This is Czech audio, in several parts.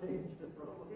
change the problem.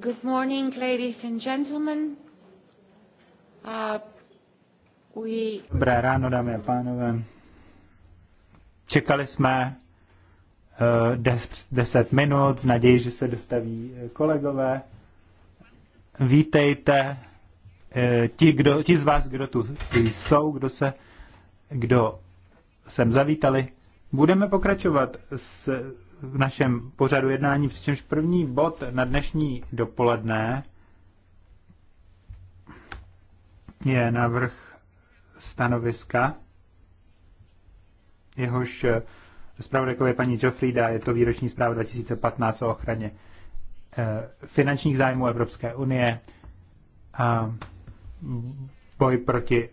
Good morning, ladies and gentlemen. Uh, Dobré ráno, dámy a pánové. Čekali jsme uh, des, deset minut v naději, že se dostaví eh, kolegové. Vítejte uh, ti, kdo, ti z vás, kdo tu jsou, kdo se, kdo sem zavítali. Budeme pokračovat s v našem pořadu jednání, přičemž první bod na dnešní dopoledne je návrh stanoviska, jehož zpravodajkou je paní Joffrida, je to výroční zpráva 2015 o ochraně eh, finančních zájmů Evropské unie a boj proti,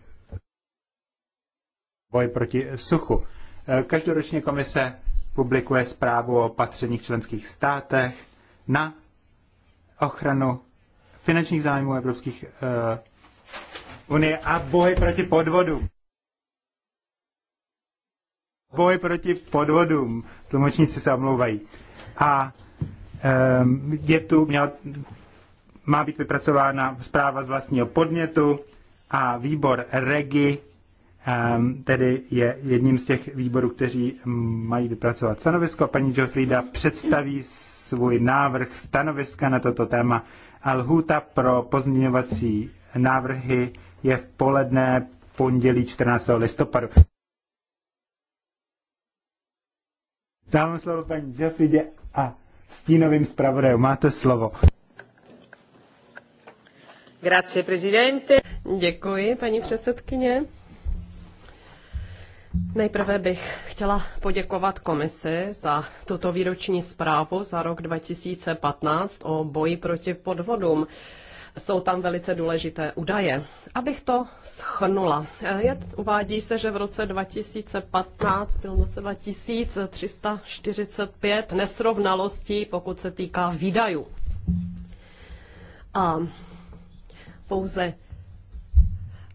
boj proti suchu. Eh, každoročně komise publikuje zprávu o opatřeních členských státech na ochranu finančních zájmů Evropských uh, unie a boj proti podvodům. Boj proti podvodům. Tlumočníci se omlouvají. A um, je tu, měl, má být vypracována zpráva z vlastního podnětu a výbor REGI Ehm, tedy je jedním z těch výborů, kteří mají vypracovat stanovisko. Paní Jofrida představí svůj návrh stanoviska na toto téma. A lhůta pro pozměňovací návrhy je v poledne pondělí 14. listopadu. Dávám slovo paní Jofridě a stínovým zpravodajům. Máte slovo. Grazie, prezidente. Děkuji, paní předsedkyně. Nejprve bych chtěla poděkovat komisi za tuto výroční zprávu za rok 2015 o boji proti podvodům. Jsou tam velice důležité údaje. Abych to schrnula, uvádí se, že v roce 2015 bylo v roce 2345 nesrovnalostí, pokud se týká výdajů. A pouze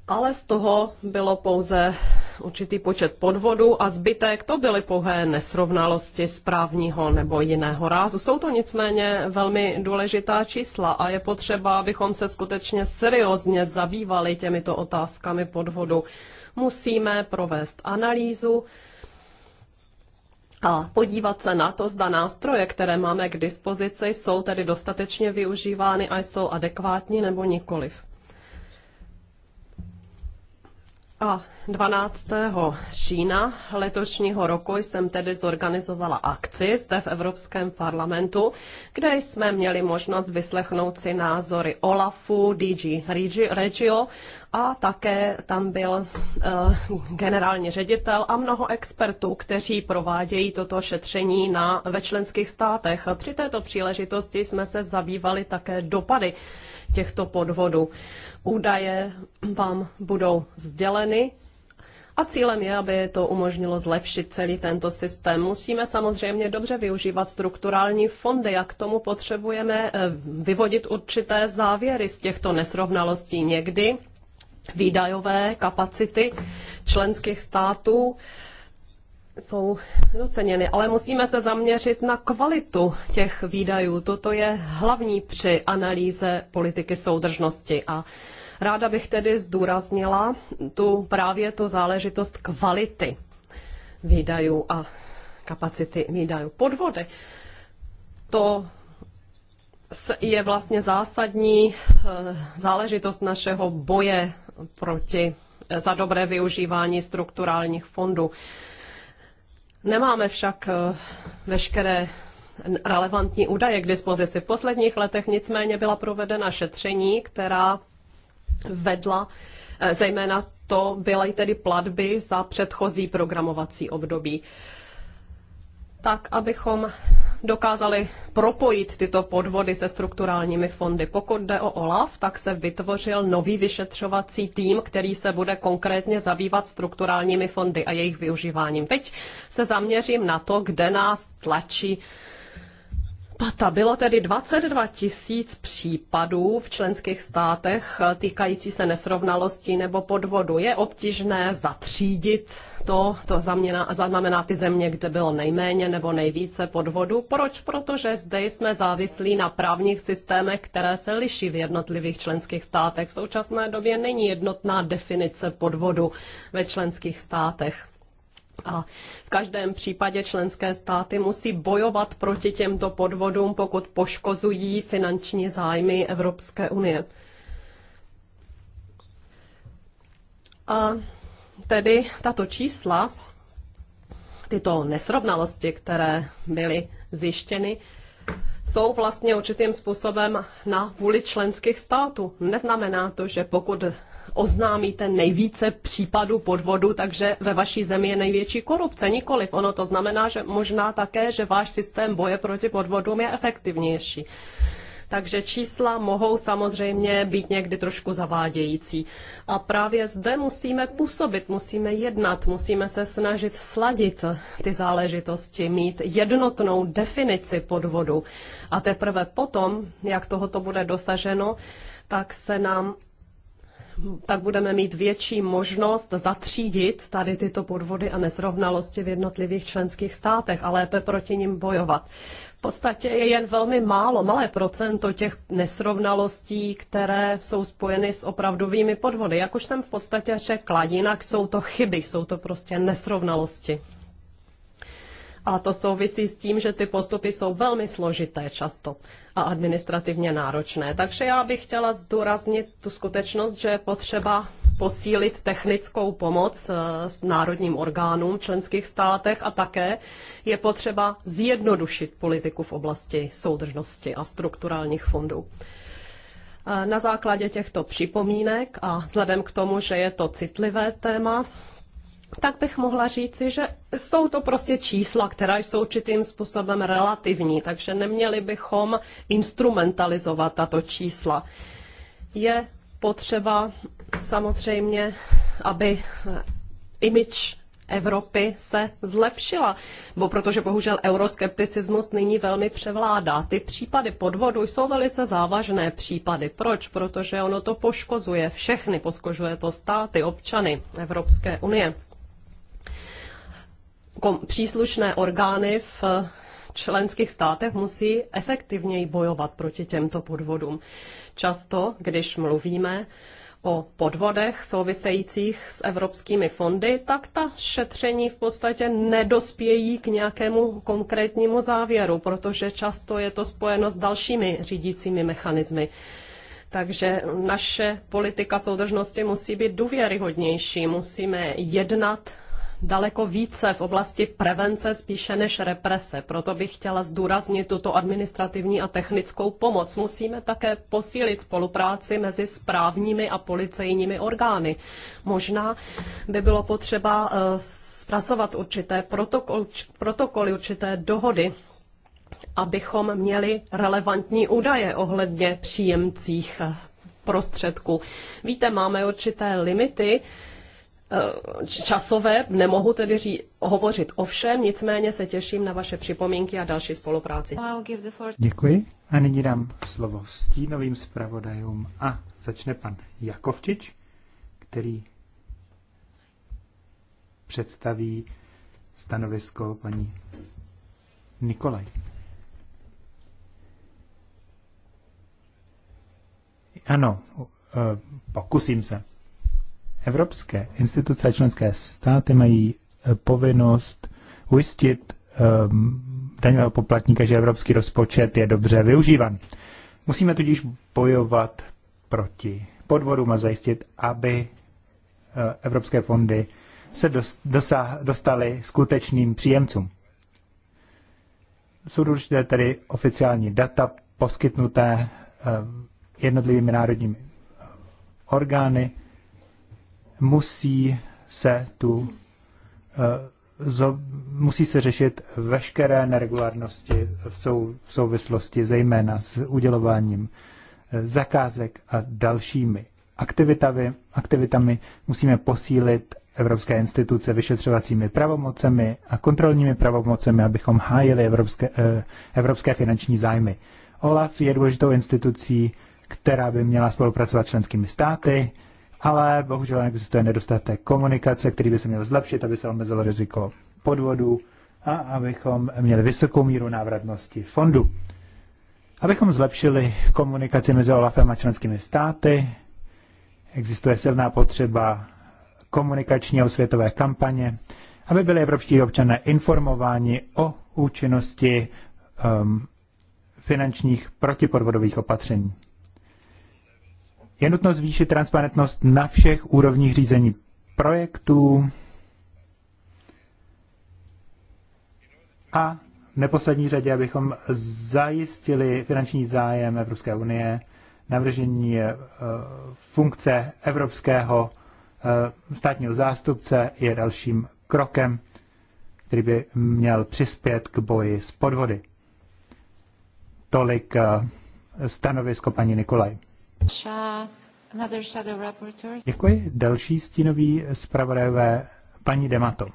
ale z toho bylo pouze určitý počet podvodů a zbytek to byly pouhé nesrovnalosti správního nebo jiného rázu. Jsou to nicméně velmi důležitá čísla a je potřeba, abychom se skutečně seriózně zabývali těmito otázkami podvodu. Musíme provést analýzu a podívat se na to, zda nástroje, které máme k dispozici, jsou tedy dostatečně využívány a jsou adekvátní nebo nikoliv. A 12. října letošního roku jsem tedy zorganizovala akci zde v Evropském parlamentu, kde jsme měli možnost vyslechnout si názory OLAFu, DG Regio a také tam byl uh, generální ředitel a mnoho expertů, kteří provádějí toto šetření na, ve členských státech. Při této příležitosti jsme se zabývali také dopady těchto podvodů. Údaje vám budou sděleny a cílem je, aby to umožnilo zlepšit celý tento systém. Musíme samozřejmě dobře využívat strukturální fondy a k tomu potřebujeme eh, vyvodit určité závěry z těchto nesrovnalostí. Někdy výdajové kapacity členských států jsou doceněny, ale musíme se zaměřit na kvalitu těch výdajů. Toto je hlavní při analýze politiky soudržnosti a ráda bych tedy zdůraznila tu právě tu záležitost kvality výdajů a kapacity výdajů. Podvody. To je vlastně zásadní eh, záležitost našeho boje proti eh, za dobré využívání strukturálních fondů. Nemáme však eh, veškeré relevantní údaje k dispozici. V posledních letech nicméně byla provedena šetření, která vedla eh, zejména to byly tedy platby za předchozí programovací období. Tak, abychom dokázali propojit tyto podvody se strukturálními fondy. Pokud jde o OLAF, tak se vytvořil nový vyšetřovací tým, který se bude konkrétně zabývat strukturálními fondy a jejich využíváním. Teď se zaměřím na to, kde nás tlačí Pata bylo tedy 22 tisíc případů v členských státech eh, týkající se nesrovnalostí nebo podvodu. Je obtížné zatřídit to, to zaměna, znamená ty země, kde bylo nejméně nebo nejvíce podvodu. Proč? Protože zde jsme závislí na právních systémech, které se liší v jednotlivých členských státech. V současné době není jednotná definice podvodu ve členských státech. A v každém případě členské státy musí bojovat proti těmto podvodům, pokud poškozují finanční zájmy Evropské unie. A tedy tato čísla, tyto nesrovnalosti, které byly zjištěny, jsou vlastně určitým způsobem na vůli členských států. Neznamená to, že pokud oznámíte nejvíce případů podvodu, takže ve vaší zemi je největší korupce. Nikoliv. Ono to znamená, že možná také, že váš systém boje proti podvodům je efektivnější takže čísla mohou samozřejmě být někdy trošku zavádějící. A právě zde musíme působit, musíme jednat, musíme se snažit sladit ty záležitosti, mít jednotnou definici podvodu. A teprve potom, jak tohoto bude dosaženo, tak se nám tak budeme mít větší možnost zatřídit tady tyto podvody a nesrovnalosti v jednotlivých členských státech a lépe proti nim bojovat podstatě je jen velmi málo, malé procento těch nesrovnalostí, které jsou spojeny s opravdovými podvody. Jak už jsem v podstatě řekla, jinak jsou to chyby, jsou to prostě nesrovnalosti. A to souvisí s tím, že ty postupy jsou velmi složité často a administrativně náročné. Takže já bych chtěla zdůraznit tu skutečnost, že je potřeba posílit technickou pomoc eh, s národním orgánům v členských státech a také je potřeba zjednodušit politiku v oblasti soudržnosti a strukturálních fondů. Eh, na základě těchto připomínek a vzhledem k tomu, že je to citlivé téma, tak bych mohla říci, že jsou to prostě čísla, která jsou určitým způsobem relativní, takže neměli bychom instrumentalizovat tato čísla. Je potřeba samozřejmě, aby image Evropy se zlepšila, bo protože bohužel euroskepticismus nyní velmi převládá. Ty případy podvodu jsou velice závažné případy. Proč? Protože ono to poškozuje všechny, poškozuje to státy, občany Evropské unie. Kom- příslušné orgány v členských státech musí efektivněji bojovat proti těmto podvodům. Často, když mluvíme o podvodech souvisejících s evropskými fondy, tak ta šetření v podstatě nedospějí k nějakému konkrétnímu závěru, protože často je to spojeno s dalšími řídícími mechanismy. Takže naše politika soudržnosti musí být důvěryhodnější, musíme jednat daleko více v oblasti prevence spíše než represe. Proto bych chtěla zdůraznit tuto administrativní a technickou pomoc. Musíme také posílit spolupráci mezi správními a policejními orgány. Možná by bylo potřeba eh, zpracovat určité protokoly, určité dohody abychom měli relevantní údaje ohledně příjemcích eh, prostředků. Víte, máme určité limity, Eh, časové, nemohu tedy ří, hovořit o všem, nicméně se těším na vaše připomínky a další spolupráci. Děkuji a nyní dám slovo stínovým zpravodajům a začne pan Jakovčič, který představí stanovisko paní Nikolaj. Ano, eh, pokusím se. Evropské instituce a členské státy mají eh, povinnost ujistit ehm, daňového poplatníka, že evropský rozpočet je dobře využívan. Musíme tudíž bojovat proti podvodům a zajistit, aby eh, evropské fondy se dostaly skutečným příjemcům. Jsou důležité tedy oficiální data poskytnuté ehm, jednotlivými národními eh, orgány musí se tu eh, musí se řešit veškeré neregulárnosti v, sou, v souvislosti zejména s udělováním eh, zakázek a dalšími aktivitami, aktivitami. Musíme posílit evropské instituce vyšetřovacími pravomocemi a kontrolními pravomocemi, abychom hájili evropské, eh, evropské finanční zájmy. OLAF je důležitou institucí, která by měla spolupracovat s členskými státy, ale bohužel existuje nedostatek komunikace, který by se měl zlepšit, aby se omezilo riziko podvodu a abychom měli vysokou míru návratnosti fondu. Abychom zlepšili komunikaci mezi OLAFem a členskými státy, existuje silná potřeba komunikační a osvětové kampaně, aby byli evropští občané informováni o účinnosti um, finančních protipodvodových opatření. Je nutno zvýšit transparentnost na všech úrovních řízení projektů a v neposlední řadě, abychom zajistili finanční zájem Evropské unie, navržení eh, funkce evropského eh, státního zástupce je dalším krokem, který by měl přispět k boji s podvody. Tolik eh, stanovisko paní Nikolaj. Děkuji. Další stínový zpravodajové paní Demato.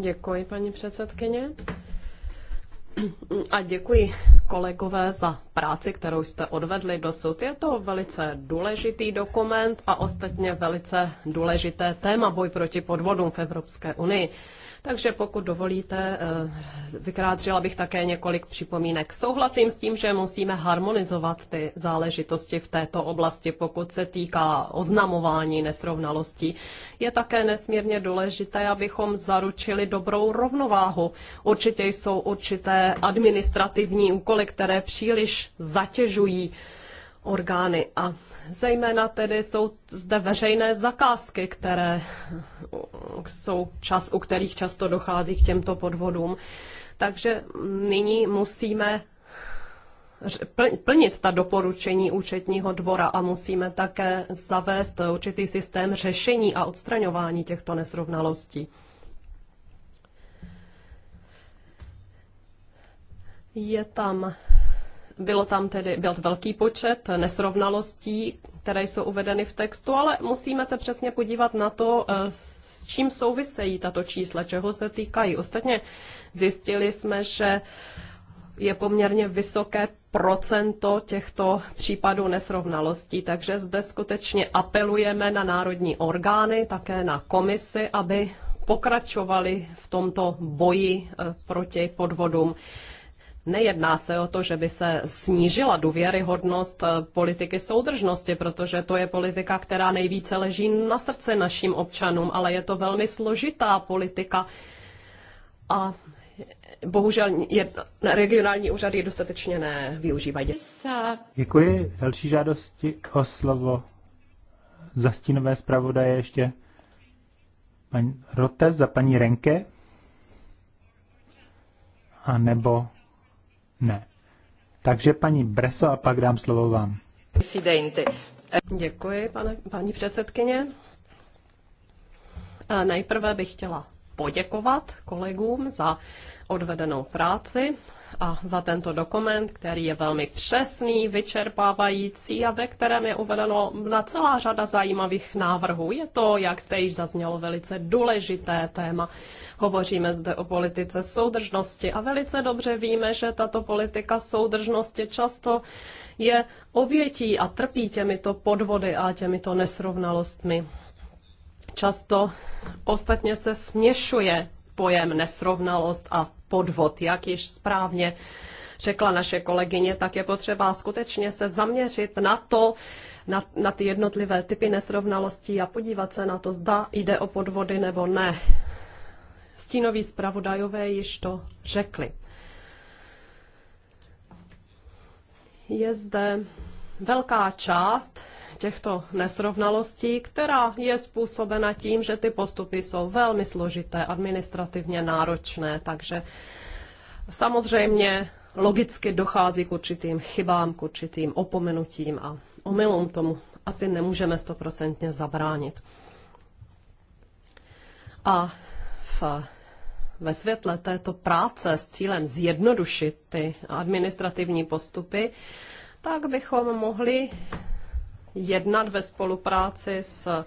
Děkuji, paní předsedkyně. A děkuji kolegové, za práci, kterou jste odvedli dosud. Je to velice důležitý dokument a ostatně velice důležité téma boj proti podvodům v Evropské unii. Takže pokud dovolíte, eh, vykrátřila bych také několik připomínek. Souhlasím s tím, že musíme harmonizovat ty záležitosti v této oblasti, pokud se týká oznamování nesrovnalostí. Je také nesmírně důležité, abychom zaručili dobrou rovnováhu. Určitě jsou určité administrativní úkoly, úkoly, které příliš zatěžují orgány. A zejména tedy jsou zde veřejné zakázky, které eh, jsou čas, u kterých často dochází k těmto podvodům. Takže nyní musíme plnit ta doporučení účetního dvora a musíme také zavést určitý systém řešení a odstraňování těchto nesrovnalostí. Je tam, bylo tam tedy, byl velký počet nesrovnalostí, které jsou uvedeny v textu, ale musíme se přesně podívat na to, eh, s čím souvisejí tato čísla, čeho se týkají. Ostatně zjistili jsme, že je poměrně vysoké procento těchto případů nesrovnalostí, takže zde skutečně apelujeme na národní orgány, také na komisi, aby pokračovali v tomto boji eh, proti podvodům. Nejedná se o to, že by se snížila důvěryhodnost eh, politiky soudržnosti, protože to je politika, která nejvíce leží na srdce našim občanům, ale je to velmi složitá politika a bohužel je, regionální úřady dostatečně nevyužívají. Děkuji. Další žádosti o slovo za stínové zpravodaje ještě paní Rote za paní Renke a nebo ne. Takže paní Breso a pak dám slovo vám. Děkuji, pane, paní předsedkyně. Nejprve bych chtěla poděkovat kolegům za odvedenou práci a za tento dokument, který je velmi přesný, vyčerpávající a ve kterém je uvedeno na celá řada zajímavých návrhů. Je to, jak jste již zaznělo, velice důležité téma. Hovoříme zde o politice soudržnosti a velice dobře víme, že tato politika soudržnosti často je obětí a trpí těmito podvody a těmito nesrovnalostmi. Často ostatně se směšuje pojem nesrovnalost a podvod, jak již správně řekla naše kolegyně, tak je potřeba skutečně se zaměřit na to, na, na ty jednotlivé typy nesrovnalostí a podívat se na to, zda jde o podvody nebo ne. Stínoví zpravodajové již to řekli. Je zde velká část těchto nesrovnalostí, která je způsobena tím, že ty postupy jsou velmi složité, administrativně náročné, takže samozřejmě logicky dochází k určitým chybám, k určitým opomenutím a omylům tomu asi nemůžeme stoprocentně zabránit. A v, ve světle této práce s cílem zjednodušit ty administrativní postupy, tak bychom mohli jednat ve spolupráci s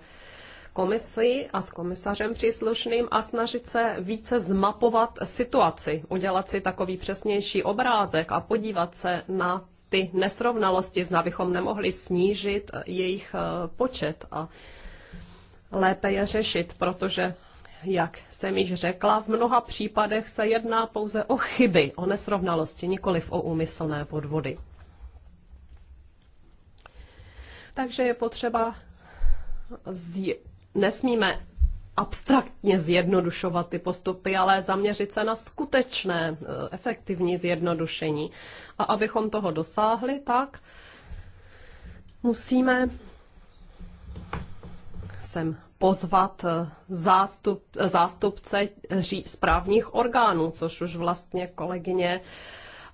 komisí a s komisařem příslušným a snažit se více zmapovat situaci, udělat si takový přesnější obrázek a podívat se na ty nesrovnalosti, zda bychom nemohli snížit jejich eh, počet a lépe je řešit, protože jak jsem již řekla, v mnoha případech se jedná pouze o chyby, o nesrovnalosti, nikoliv o úmyslné podvody. Takže je potřeba, zje... nesmíme abstraktně zjednodušovat ty postupy, ale zaměřit se na skutečné eh, efektivní zjednodušení. A abychom toho dosáhli, tak musíme sem pozvat eh, zástup, eh, zástupce správních orgánů, což už vlastně kolegyně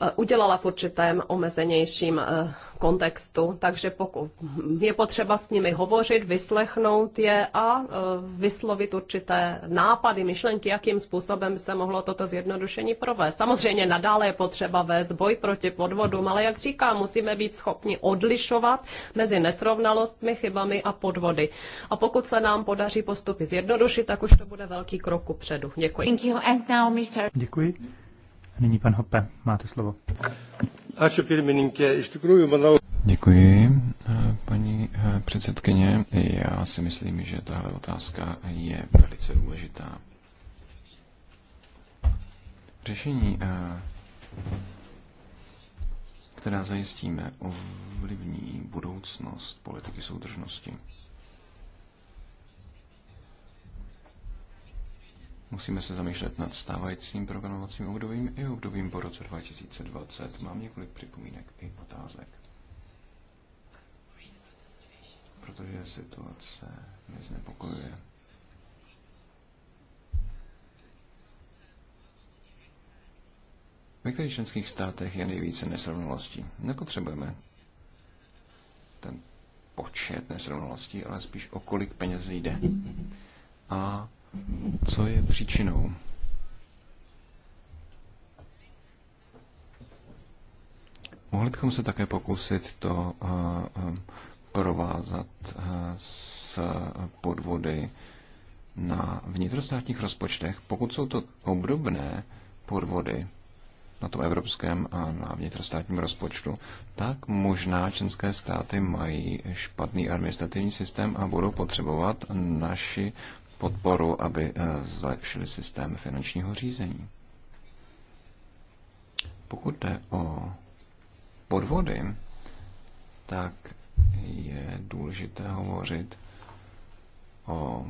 Eh, udělala v určitém omezenějším eh, kontextu. Takže pokud je potřeba s nimi hovořit, vyslechnout je a eh, vyslovit určité nápady, myšlenky, jakým způsobem se mohlo toto zjednodušení provést. Samozřejmě nadále je potřeba vést boj proti podvodům, ale jak říkám, musíme být schopni odlišovat mezi nesrovnalostmi, chybami a podvody. A pokud se nám podaří postupy zjednodušit, tak už to bude velký krok ku předu. Děkuji. Děkuji. Nyní pan Hoppe, máte slovo. Děkuji, paní eh, předsedkyně. Já si myslím, že tahle otázka je velice důležitá. Řešení, eh, která zajistíme, ovlivní budoucnost politiky soudržnosti. Musíme se zamýšlet nad stávajícím programovacím obdobím i obdobím po roce 2020. Mám několik připomínek i otázek. Protože situace mě znepokojuje. Ve kterých členských státech je nejvíce nesrovnalostí? Nepotřebujeme ten počet nesrovnalostí, ale spíš o kolik peněz jde. A co je příčinou? Mohli bychom se také pokusit to eh, eh, provázat eh, s podvody na vnitrostátních rozpočtech, pokud jsou to obdobné podvody na tom evropském a na vnitrostátním rozpočtu, tak možná členské státy mají špatný administrativní systém a budou potřebovat naši podporu, aby eh, zlepšili systém finančního řízení. Pokud jde o podvody, tak je důležité hovořit o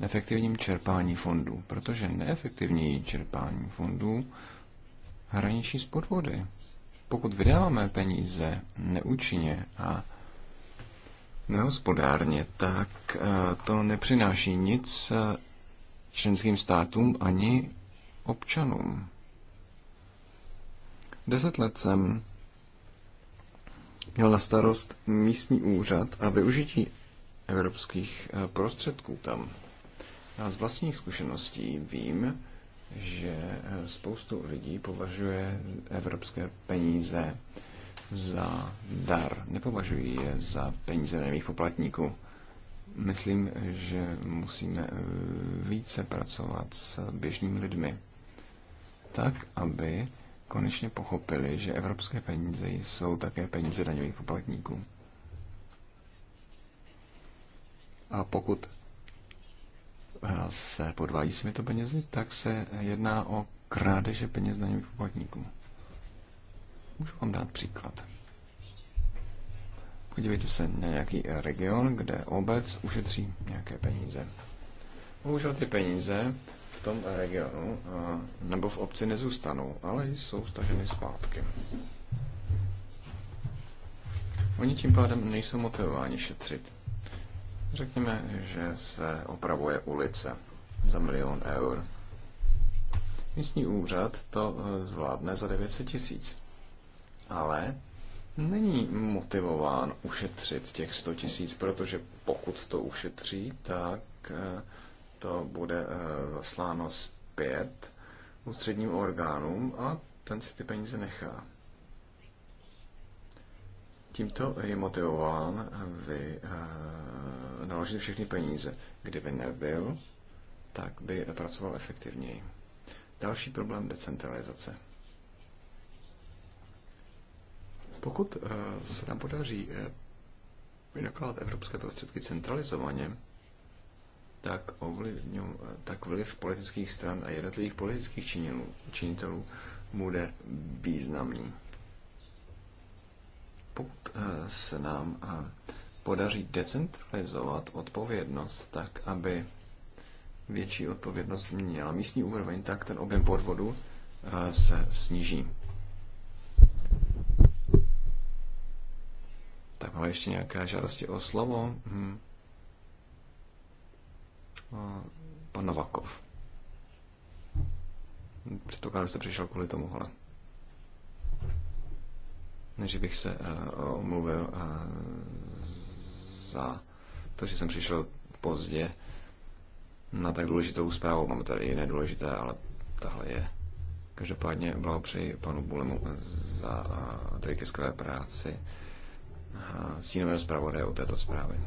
efektivním čerpání fondů, protože neefektivní čerpání fondů hraničí s podvody. Pokud vydáváme peníze neúčinně a nehospodárně, tak eh, to nepřináší nic eh, členským státům ani občanům. Deset let jsem měl na starost místní úřad a využití evropských eh, prostředků tam. A z vlastních zkušeností vím, že spoustu lidí považuje evropské peníze za dar, nepovažuji je za peníze daných poplatníků. Myslím, že musíme eh, více pracovat s běžnými lidmi, tak, aby konečně pochopili, že evropské peníze jsou také peníze daňových poplatníků. A pokud eh, se podvádí s těmito penězi, tak se jedná o krádeže peněz daňových poplatníků. Můžu vám dát příklad. Podívejte se na nějaký eh, region, kde obec ušetří nějaké peníze. Bohužel ty peníze v tom regionu eh, nebo v obci nezůstanou, ale jsou staženy zpátky. Oni tím pádem nejsou motivováni šetřit. Řekněme, že se opravuje ulice za milion eur. Místní úřad to eh, zvládne za 900 tisíc ale není motivován ušetřit těch 100 tisíc, protože pokud to ušetří, tak eh, to bude eh, zasláno zpět ústředním orgánům a ten si ty peníze nechá. Tímto je motivován eh, vy naložit všechny peníze. Kdyby nebyl, tak by pracoval efektivněji. Další problém decentralizace. Pokud eh, se nám podaří eh, vynakládat evropské prostředky centralizovaně, tak, ovlivňu, eh, tak vliv politických stran a jednotlivých politických činilů, činitelů bude významný. Pokud se nám podaří decentralizovat odpovědnost tak, aby větší odpovědnost měla místní úroveň, tak ten objem podvodu se sníží. Tak máme ještě nějaké žádosti o slovo. Hmm. Pan Novakov. Předpokládám, že jste přišel kvůli tomuhle. Než bych se uh, omluvil uh, za to, že jsem přišel pozdě na tak důležitou zprávu. Mám tady jiné důležité, ale tahle je. Každopádně blahopřeji panu Bulemu za uh, ke skvělé práci. Uh, stínového zpravodaje o této zprávy.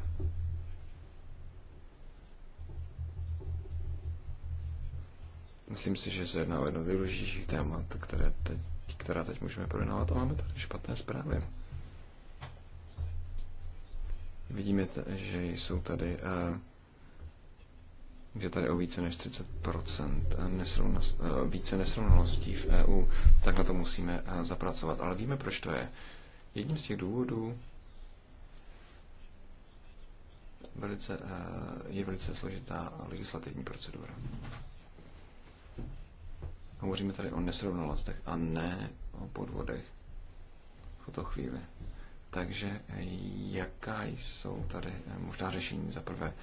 Myslím si, že se jedná o jedno z témat, které teď, která teď můžeme projednávat a máme tady špatné zprávy. Vidíme, že jsou tady eh, že tady o více než 30% nesrovnost, eh, více nesrovnalostí v EU, tak na to musíme eh, zapracovat. Ale víme, proč to je. Jedním z těch důvodů velice, eh, je velice složitá legislativní procedura. Hovoříme tady o nesrovnalostech a ne o podvodech v tuto chvíli. Takže eh, jaká jsou tady eh, možná řešení za prvé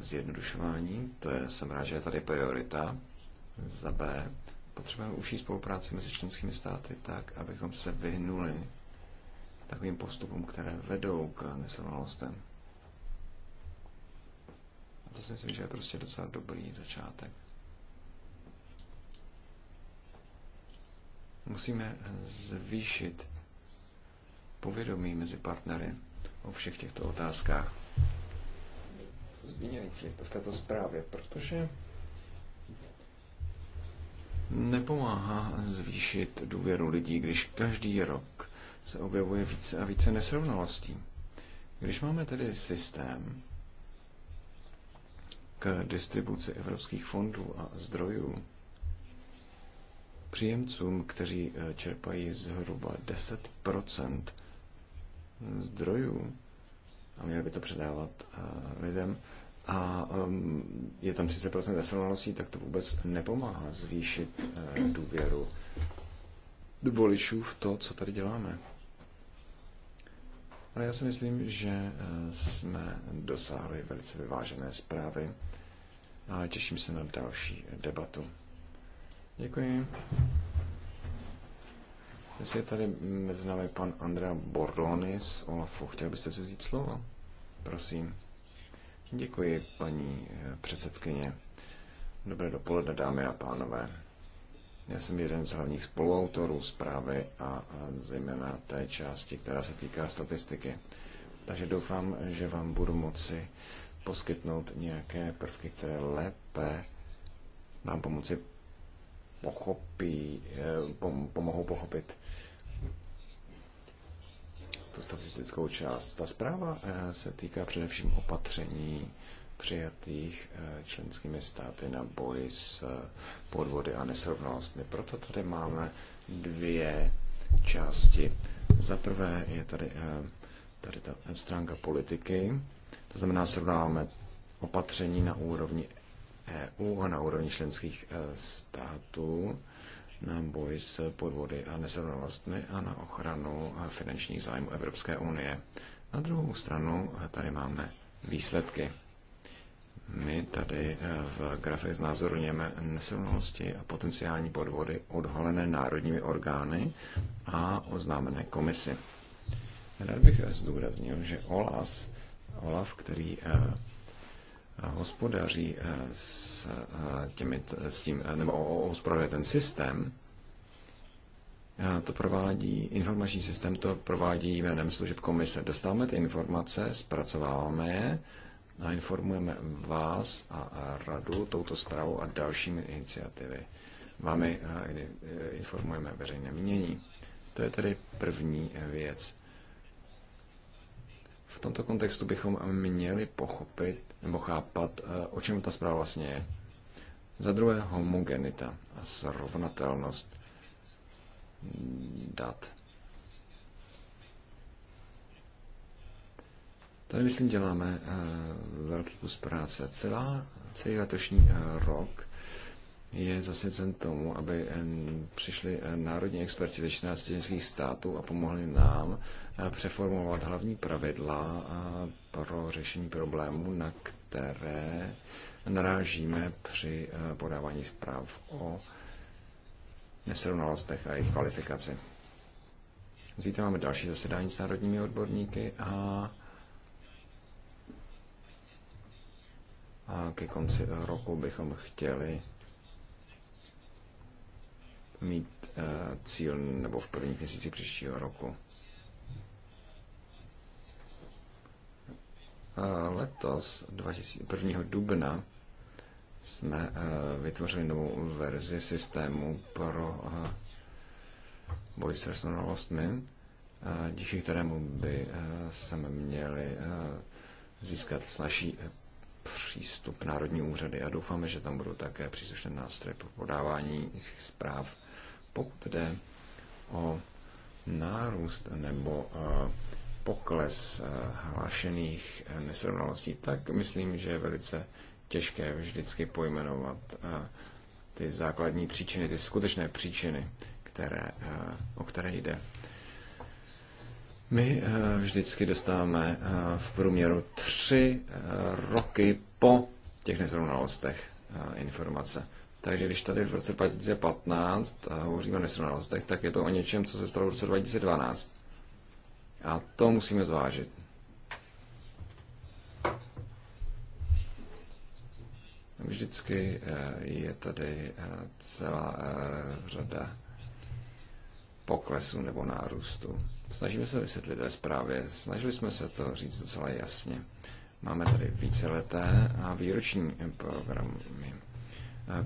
zjednodušování, to je, jsem rád, že je tady priorita, za B, potřebujeme užší spolupráci mezi členskými státy tak, abychom se vyhnuli takovým postupům, které vedou k nesrovnalostem to si myslím, že je prostě docela dobrý začátek. Musíme zvýšit povědomí mezi partnery o všech těchto otázkách to v této zprávě, protože nepomáhá zvýšit důvěru lidí, když každý rok se objevuje více a více nesrovnalostí. Když máme tedy systém, k distribuci evropských fondů a zdrojů příjemcům, kteří eh, čerpají zhruba 10 zdrojů, a měli by to předávat eh, lidem, a mm, je tam 30% nesrovnalostí, tak to vůbec nepomáhá zvýšit eh, důvěru voličů v to, co tady děláme. Ale já si myslím, že eh, jsme dosáhli velice vyvážené zprávy a těším se na další debatu. Děkuji. Dnes je tady mezi námi pan Andrea Borlony z OLAFu. Chtěl byste si vzít slovo? Prosím. Děkuji, paní eh, předsedkyně. Dobré dopoledne, dámy a pánové. Já jsem jeden z hlavních spoluautorů zprávy a zejména té části, která se týká statistiky. Takže doufám, že vám budu moci poskytnout nějaké prvky, které lépe nám pomoci pochopí, eh, pomohou pochopit tu statistickou část. Ta zpráva eh, se týká především opatření přijatých eh, členskými státy na boj s eh, podvody a nesrovnalostmi. Proto tady máme dvě části. Za prvé je tady, eh, tady ta stránka politiky, to znamená srovnáváme opatření na úrovni EU a na úrovni členských států na boj s podvody a nesrovnalostmi a na ochranu finančních zájmů Evropské unie. Na druhou stranu tady máme výsledky my tady eh, v grafech znázorňujeme nesilnosti a potenciální podvody odhalené národními orgány a oznámené komisy. Rád bych eh, zdůraznil, že OLAS, OLAF, který eh, hospodaří s, těmi, s tím, nebo hospodaruje ten systém, to provádí, informační systém to provádí jménem služeb komise. Dostáváme ty informace, zpracováváme je, a informujeme vás a radu touto zprávou a dalšími iniciativy. Vámi eh, eh, informujeme veřejné mění. To je tedy první věc. V tomto kontextu bychom měli pochopit nebo chápat, eh, o čem ta zpráva vlastně je. Za druhé homogenita a srovnatelnost dat. Tady, myslím, děláme eh, velký kus práce. Celá, celý letošní eh, rok je zasvěcen tomu, aby eh, přišli národní experti ze 16 členských států a pomohli nám přeformulovat hlavní pravidla pro řešení problémů, na které narážíme při podávání zpráv o nesrovnalostech a jejich kvalifikaci. Zítra máme další zasedání s národními odborníky a A ke konci roku bychom chtěli mít eh, cíl nebo v prvních měsících příštího roku. letos, 1. dubna, jsme eh, vytvořili novou verzi systému pro eh, boj s trestnodolostmi, díky kterému by jsme měli získat snažší přístup národní úřady a doufáme, že tam budou také příslušné nástroje pro podávání zpráv. Pokud jde o nárůst nebo eh, pokles eh, hlášených eh, nesrovnalostí, tak myslím, že je velice těžké vždycky pojmenovat ty základní příčiny, ty skutečné příčiny, které, o které jde. My eh, vždycky dostáváme eh, v průměru tři eh, roky po těch nesrovnalostech informace. Takže když tady v roce 2015 hovoříme o nesrovnalostech, tak je to o něčem, co se stalo v roce 2012. A to musíme zvážit. Vždycky je tady celá řada poklesů nebo nárůstu. Snažíme se vysvětlit ve zprávě, snažili jsme se to říct docela jasně. Máme tady víceleté a výroční programy.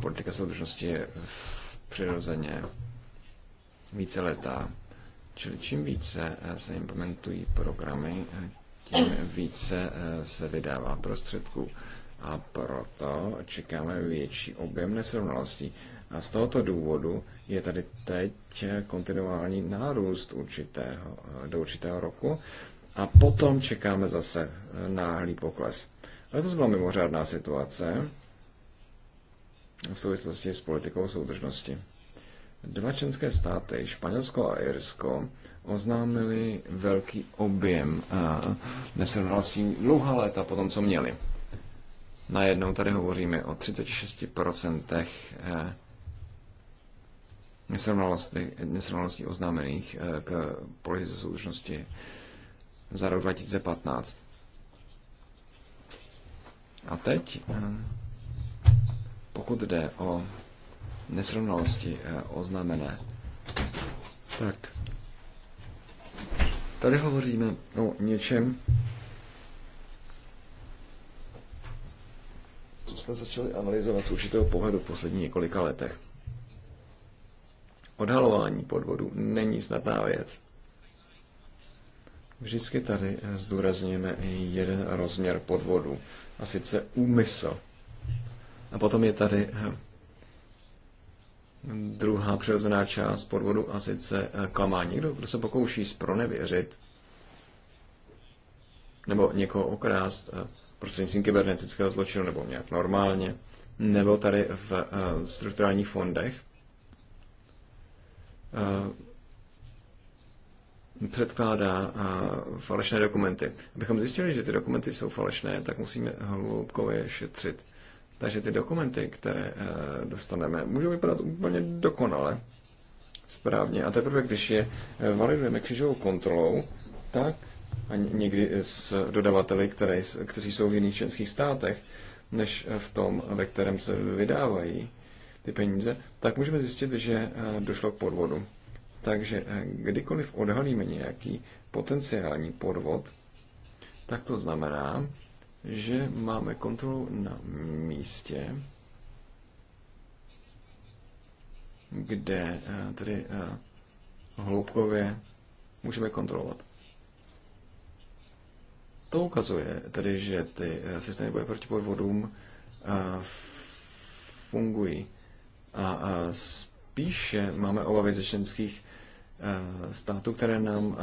Politika soudržnosti je přirozeně víceletá. Čili čím více eh, se implementují programy, tím více eh, se vydává prostředků. A proto čekáme větší objem nesrovnalostí. A z tohoto důvodu je tady teď kontinuální nárůst určitého, do určitého roku a potom čekáme zase náhlý pokles. Letos byla mimořádná situace v souvislosti s politikou soudržnosti. Dva členské státy, Španělsko a Irsko, oznámili velký objem nesrovnalostí dlouhá léta po tom, co měli. Najednou tady hovoříme o 36% nesrovnalostí, nesrovnalostí oznámených eh, k politice soudržnosti za rok 2015. A teď, eh, pokud jde o nesrovnalosti eh, oznámené, tak tady hovoříme o něčem, co jsme začali analyzovat z určitého pohledu v posledních několika letech. Odhalování podvodu není snadná věc. Vždycky tady zdůrazněme jeden rozměr podvodu, a sice úmysl. A potom je tady eh, druhá přirozená část podvodu, a sice eh, klamání. Někdo, kdo se pokouší spronevěřit nebo někoho okrást eh, prostřednictvím kybernetického zločinu nebo nějak normálně, nebo tady v strukturálních fondech, Eh, předkládá eh, falešné dokumenty. Abychom zjistili, že ty dokumenty jsou falešné, tak musíme hloubkově šetřit. Takže ty dokumenty, které eh, dostaneme, můžou vypadat úplně dokonale, správně. A teprve, když je validujeme křižovou kontrolou, tak a někdy s dodavateli, které, kteří jsou v jiných členských státech, než v tom, ve kterém se vydávají, ty peníze, tak můžeme zjistit, že eh, došlo k podvodu. Takže eh, kdykoliv odhalíme nějaký potenciální podvod, tak to znamená, že máme kontrolu na místě, kde eh, tedy hloubkově můžeme kontrolovat. To ukazuje tedy, že ty systémy boje proti podvodům fungují. A, a spíše máme obavy ze členských e, států, které nám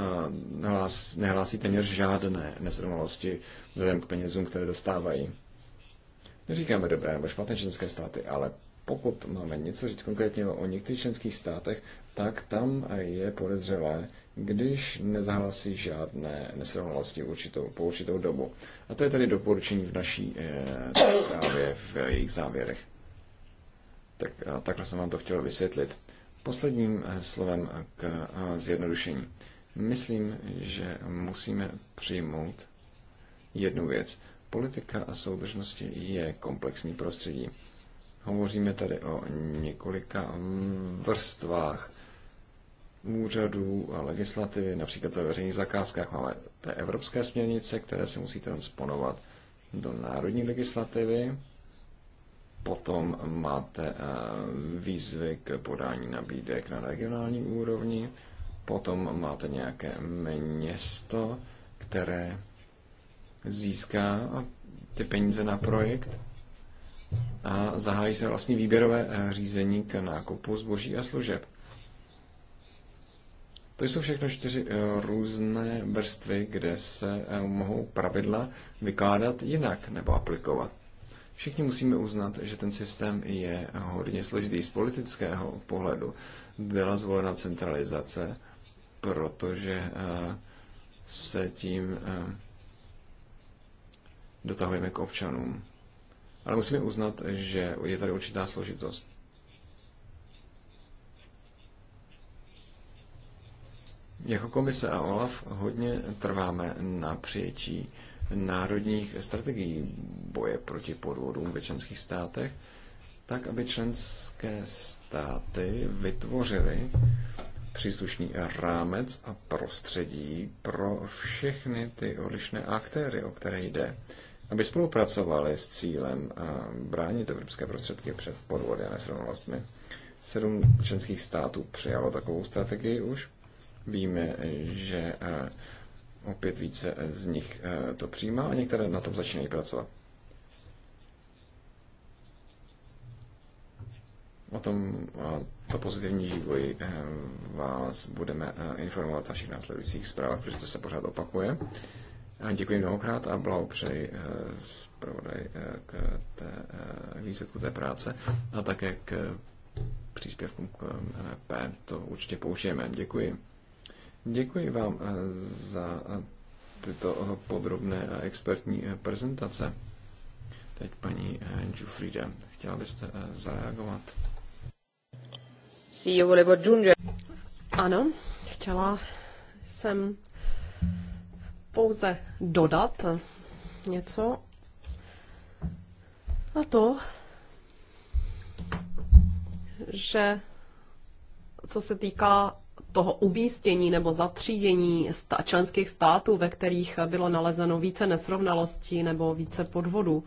e, hlás, nehlásí téměř žádné nesrovnalosti vzhledem k penězům, které dostávají. Neříkáme dobré nebo špatné členské státy, ale pokud máme něco říct konkrétně o některých členských státech, tak tam je podezřelé, když nezahlasí žádné nesrovnalosti určitou, po určitou dobu. A to je tedy doporučení v naší e, zprávě, v jejich závěrech. Tak, takhle jsem vám to chtěl vysvětlit. Posledním eh, slovem k eh, zjednodušení. Myslím, že musíme přijmout jednu věc. Politika a soudržnosti je komplexní prostředí. Hovoříme tady o několika vrstvách úřadů a legislativy, například ve veřejných zakázkách máme té evropské směrnice, které se musí transponovat do národní legislativy, Potom máte eh, výzvy k podání nabídek na regionální úrovni. Potom máte nějaké město, které získá ty peníze na projekt a zahájí se vlastně výběrové eh, řízení k nákupu zboží a služeb. To jsou všechno čtyři eh, různé vrstvy, kde se mohou pravidla vykládat jinak nebo aplikovat. Všichni musíme uznat, že ten systém je hodně složitý z politického pohledu. Byla zvolena centralizace, protože eh, se tím eh, dotahujeme k občanům. Ale musíme uznat, že je tady určitá složitost. Jako komise a OLAF hodně trváme na přijetí národních strategií boje proti podvodům ve členských státech, tak aby členské státy vytvořily příslušný rámec a prostředí pro všechny ty odlišné aktéry, o které jde, aby spolupracovali s cílem eh, bránit evropské prostředky před podvody a nesrovnalostmi. Sedm členských států přijalo takovou strategii už. Víme, že eh, opět více eh, z nich eh, to přijímá a některé na tom začínají pracovat. O tom to pozitivní vývoj eh, vás budeme informovat v našich následujících zprávách, protože to se pořád opakuje. A děkuji mnohokrát a blahopřeji zpravodaj k, té, výsledku té práce a také k příspěvkům k MVP. To určitě použijeme. Děkuji. Děkuji vám eh, za eh, tyto eh, podrobné a expertní prezentace. Teď paní Giuffrida, chtěla byste zareagovat? Si Ano, chtěla jsem pouze dodat něco. A to, že co se týká toho umístění nebo zatřídění členských států, ve kterých bylo nalezeno více nesrovnalostí nebo více podvodů.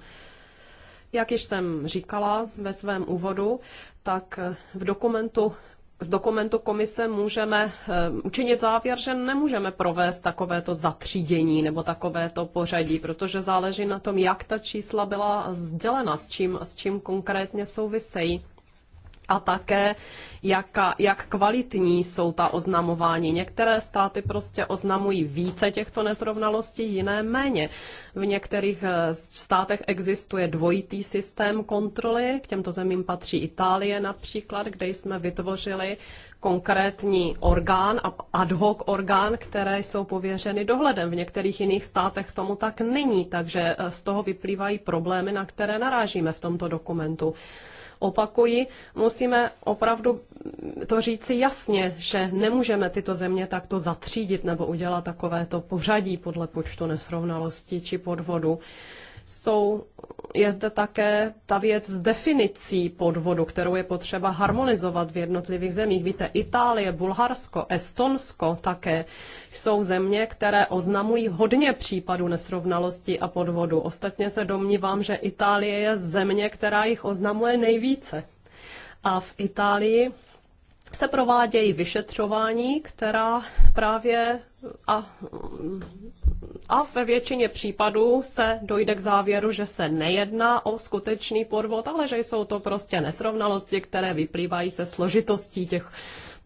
Jak již jsem říkala ve svém úvodu, tak v dokumentu z dokumentu komise můžeme eh, učinit závěr, že nemůžeme provést takovéto zatřídění nebo takovéto pořadí, protože záleží na tom, jak ta čísla byla sdělena, s čím, s čím konkrétně souvisejí a také jaka, jak kvalitní jsou ta oznamování. Některé státy prostě oznamují více těchto nezrovnalostí, jiné méně. V některých eh, státech existuje dvojitý systém kontroly, k těmto zemím patří Itálie například, kde jsme vytvořili konkrétní orgán, ad hoc orgán, které jsou pověřeny dohledem. V některých jiných státech tomu tak není, takže eh, z toho vyplývají problémy, na které narážíme v tomto dokumentu. Opakuji, musíme opravdu to říci jasně, že nemůžeme tyto země takto zatřídit nebo udělat takovéto pořadí podle počtu nesrovnalostí či podvodu jsou, je zde také ta věc s definicí podvodu, kterou je potřeba harmonizovat v jednotlivých zemích. Víte, Itálie, Bulharsko, Estonsko také jsou země, které oznamují hodně případů nesrovnalosti a podvodu. Ostatně se domnívám, že Itálie je země, která jich oznamuje nejvíce. A v Itálii se provádějí vyšetřování, která právě a a ve většině případů se dojde k závěru, že se nejedná o skutečný podvod, ale že jsou to prostě nesrovnalosti, které vyplývají ze složitostí těch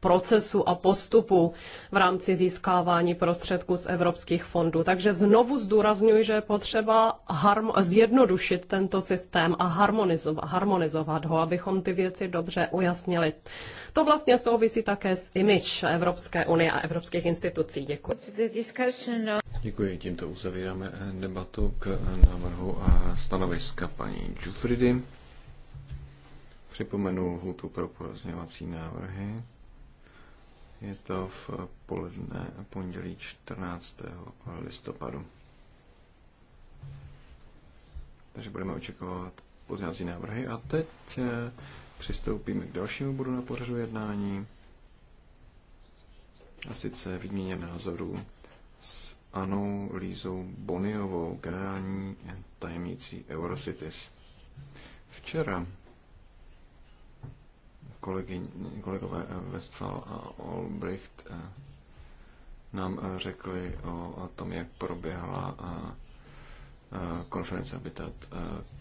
procesů a postupů v rámci získávání prostředků z evropských fondů. Takže znovu zdůrazňuji, že je potřeba zjednodušit tento systém a harmonizovat, harmonizovat ho, abychom ty věci dobře ujasnili. To vlastně souvisí také s image Evropské unie a evropských institucí. Děkuji. Děkuji, tímto uzavíráme eh, debatu k eh, návrhu a eh, stanoviska paní Jufridy. Připomenu lhutu pro pozměňovací návrhy je to v poledne pondělí 14. listopadu. Takže budeme očekávat pozdější návrhy. A teď eh, přistoupíme k dalšímu bodu na pořadu jednání. A sice výměně názorů s Anou Lízou Boniovou, generální tajemnicí Eurocities. Včera kolegy, kolegové Westphal a Olbricht eh, nám eh, řekli o tom, jak proběhla eh, konference Habitat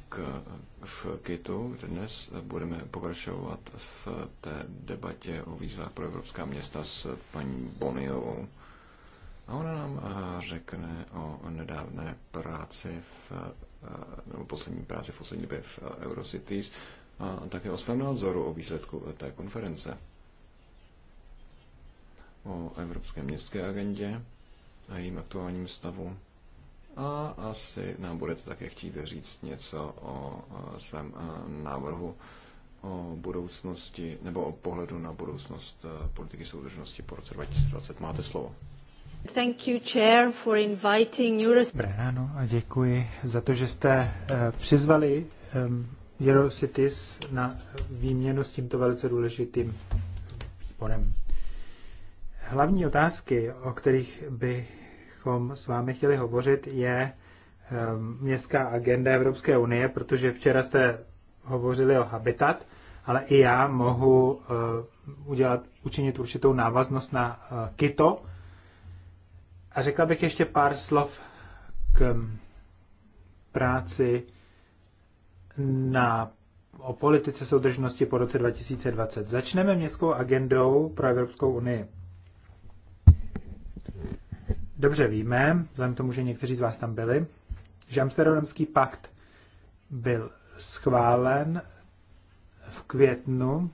k, v Kitu. Dnes budeme pokračovat v té debatě o výzvách pro evropská města s paní Boniovou. A ona nám řekne o nedávné práci v, nebo poslední práci v poslední době v Eurocities a také o svém názoru o výsledku té konference, o Evropské městské agendě a jejím aktuálním stavu. A asi nám budete také chtít říct něco o svém návrhu o budoucnosti nebo o pohledu na budoucnost politiky soudržnosti po roce 2020. Máte slovo. Thank you, chair, for inviting Euros... Dobré ráno a děkuji za to, že jste e, přizvali Eurocities na výměnu s tímto velice důležitým výborem. Hlavní otázky, o kterých bychom s vámi chtěli hovořit, je eh, městská agenda Evropské unie, protože včera jste hovořili o Habitat, ale i já mohu eh, udělat, učinit určitou návaznost na eh, Kito. A řekla bych ještě pár slov k hm, práci na, o politice soudržnosti po roce 2020. Začneme městskou agendou pro Evropskou unii. Dobře víme, vzhledem k tomu, že někteří z vás tam byli, že Amsterdamský pakt byl schválen v květnu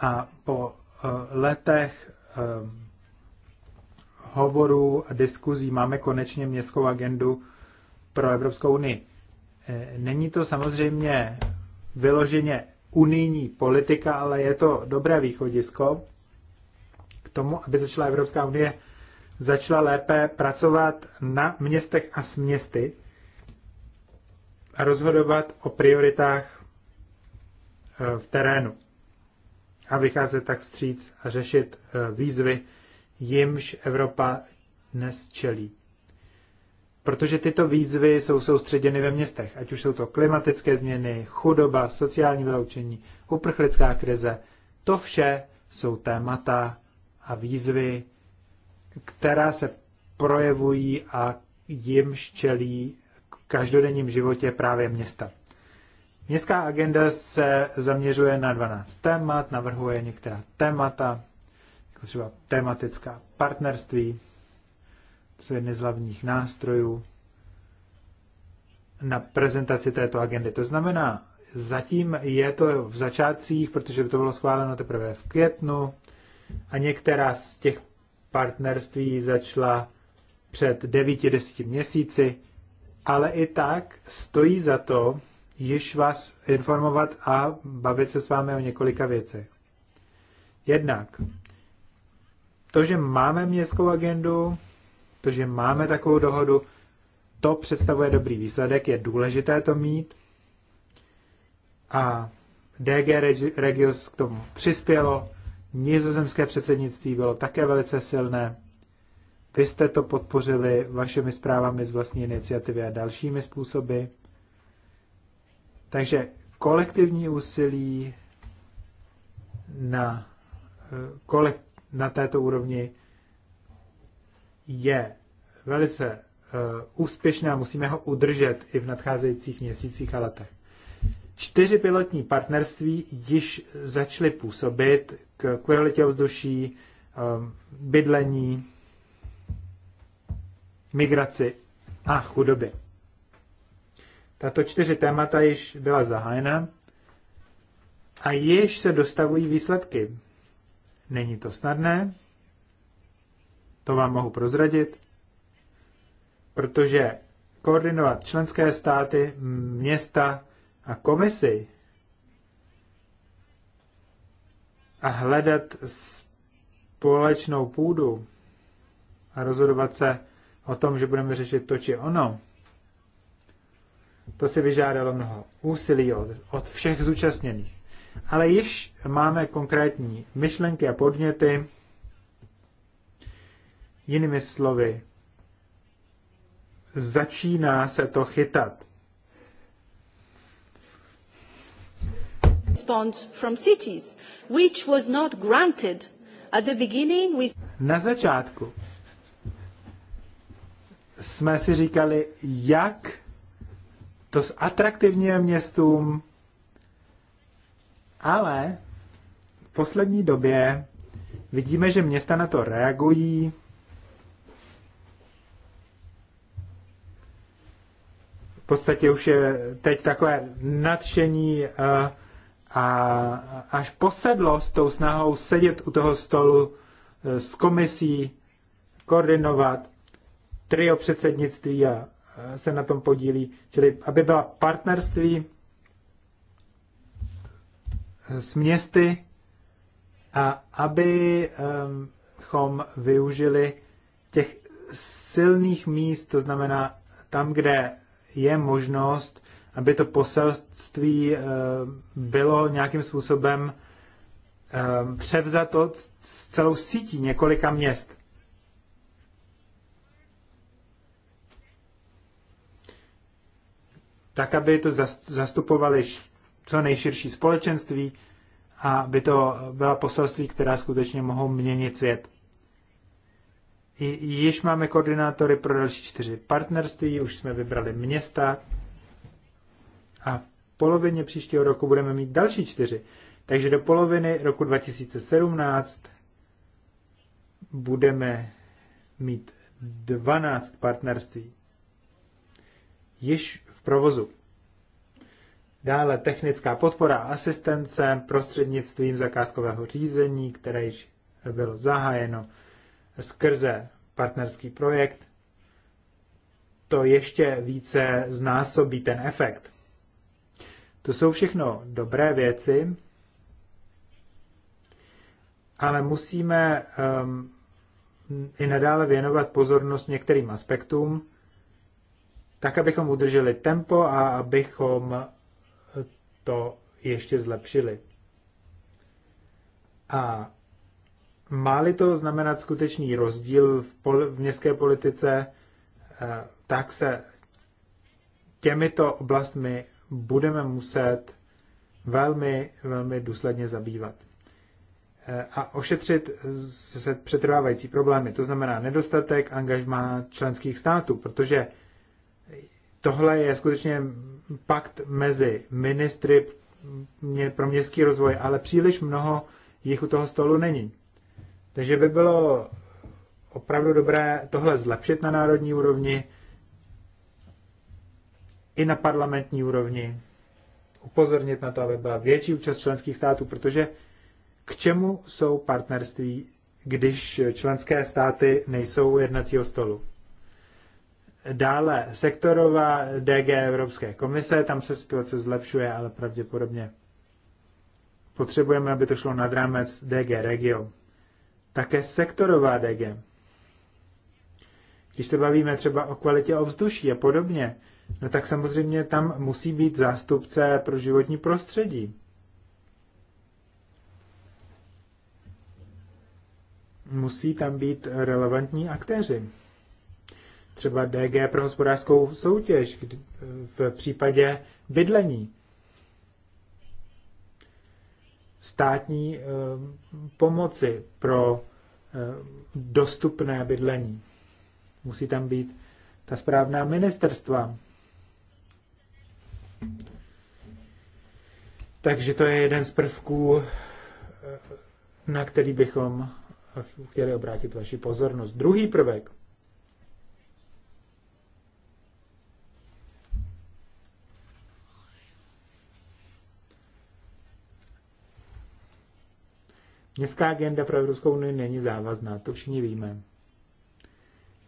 a po eh, letech eh, hovorů a diskuzí máme konečně městskou agendu pro Evropskou unii. Eh, není to samozřejmě vyloženě unijní politika, ale je to dobré východisko k tomu, aby začala Evropská unie začala lépe pracovat na městech a směsty, a rozhodovat o prioritách eh, v terénu a vycházet tak vstříc a řešit eh, výzvy, jimž Evropa dnes čelí. Protože tyto výzvy jsou soustředěny ve městech, ať už jsou to klimatické změny, chudoba, sociální vyloučení, uprchlická krize. To vše jsou témata a výzvy, která se projevují a jim čelí v každodenním životě právě města. Městská agenda se zaměřuje na 12 témat, navrhuje některá témata, jako třeba tematická partnerství, co je z hlavních nástrojů na prezentaci této agendy. To znamená, zatím je to v začátcích, protože to bylo schváleno teprve v květnu a některá z těch partnerství začala před 9-10 měsíci, ale i tak stojí za to již vás informovat a bavit se s vámi o několika věcech. Jednak to, že máme městskou agendu, to, že máme takovou dohodu, to představuje dobrý výsledek, je důležité to mít. A DG Regios k tomu přispělo, nizozemské předsednictví bylo také velice silné. Vy jste to podpořili vašimi zprávami z vlastní iniciativy a dalšími způsoby. Takže kolektivní úsilí na, eh, kolek, na této úrovni je velice uh, úspěšné a musíme ho udržet i v nadcházejících měsících a letech. Čtyři pilotní partnerství již začaly působit k kvalitě ovzduší, um, bydlení, migraci a chudobě. Tato čtyři témata již byla zahájena a již se dostavují výsledky. Není to snadné, to vám mohu prozradit, protože koordinovat členské státy, města a komisi a hledat společnou půdu a rozhodovat se o tom, že budeme řešit to či ono, to si vyžádalo mnoho úsilí od, od všech zúčastněných. Ale již máme konkrétní myšlenky a podněty, Jinými slovy, začíná se to chytat. Na začátku jsme si říkali, jak to s atraktivním městům, ale v poslední době vidíme, že města na to reagují, v podstatě už je teď takové nadšení eh, a až posedlo s tou snahou sedět u toho stolu eh, s komisí, koordinovat trio předsednictví a eh, se na tom podílí, čili aby byla partnerství s městy a aby abychom ehm, využili těch silných míst, to znamená tam, kde je možnost, aby to poselství eh, bylo nějakým způsobem eh, převzato s celou sítí několika měst. Tak, aby to zastupovali co nejširší společenství a aby to byla poselství, která skutečně mohou měnit svět. Již máme koordinátory pro další čtyři partnerství, už jsme vybrali města a v polovině příštího roku budeme mít další čtyři. Takže do poloviny roku 2017 budeme mít 12 partnerství. Již v provozu. Dále technická podpora a asistence prostřednictvím zakázkového řízení, které již bylo zahájeno skrze partnerský projekt, to ještě více znásobí ten efekt. To jsou všechno dobré věci, ale musíme um, i nadále věnovat pozornost některým aspektům, tak abychom udrželi tempo a abychom to ještě zlepšili. A Máli to znamenat skutečný rozdíl v, pol, v městské politice, eh, tak se těmito oblastmi budeme muset velmi, velmi důsledně zabývat eh, a ošetřit se přetrvávající problémy. To znamená nedostatek angažmá členských států, protože tohle je skutečně pakt mezi ministry pro městský rozvoj, ale příliš mnoho jich u toho stolu není. Takže by bylo opravdu dobré tohle zlepšit na národní úrovni i na parlamentní úrovni, upozornit na to, aby byla větší účast členských států, protože k čemu jsou partnerství, když členské státy nejsou u jednacího stolu? Dále sektorová DG Evropské komise, tam se situace zlepšuje, ale pravděpodobně potřebujeme, aby to šlo nad rámec DG Regio také sektorová DG. Když se bavíme třeba o kvalitě ovzduší a podobně, no tak samozřejmě tam musí být zástupce pro životní prostředí. Musí tam být relevantní aktéři. Třeba DG pro hospodářskou soutěž v případě bydlení státní eh, pomoci pro eh, dostupné bydlení. Musí tam být ta správná ministerstva. Takže to je jeden z prvků, eh, na který bychom chtěli obrátit vaši pozornost. Druhý prvek – Městská agenda pro Evropskou unii není závazná, to všichni víme.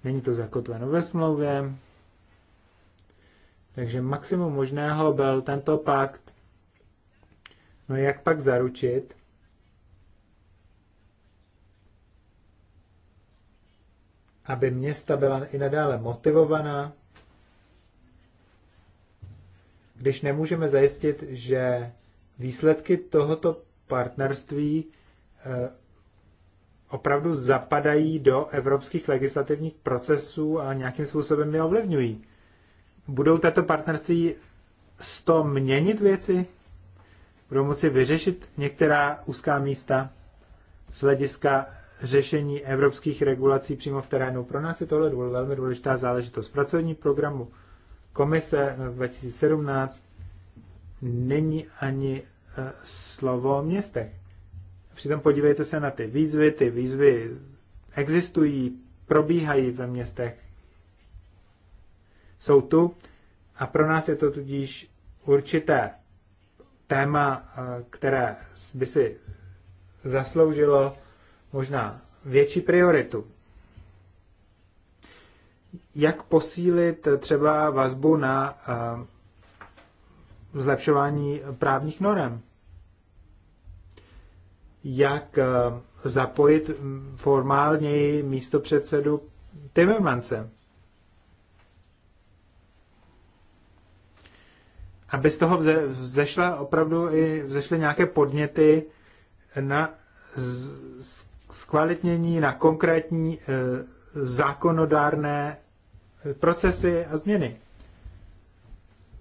Není to zakotveno ve smlouvě, takže maximum možného byl tento pakt. No jak pak zaručit, aby města byla i nadále motivovaná, když nemůžeme zajistit, že výsledky tohoto partnerství Eh, opravdu zapadají do evropských legislativních procesů a nějakým způsobem je ovlivňují. Budou tato partnerství z toho měnit věci? Budou moci vyřešit některá úzká místa z hlediska řešení evropských regulací přímo v terénu? Pro nás je tohle velmi důležitá záležitost. Pracovní programu komise 2017 není ani eh, slovo o městech. Přitom podívejte se na ty výzvy, ty výzvy existují, probíhají ve městech, jsou tu a pro nás je to tudíž určité téma, eh, které by si zasloužilo možná větší prioritu. Jak posílit třeba vazbu na eh, zlepšování právních norem? jak eh, zapojit formálněji předsedu Timmermance. Aby z toho vzešla opravdu i vzešly nějaké podněty na zkvalitnění, na konkrétní eh, zákonodárné procesy a změny.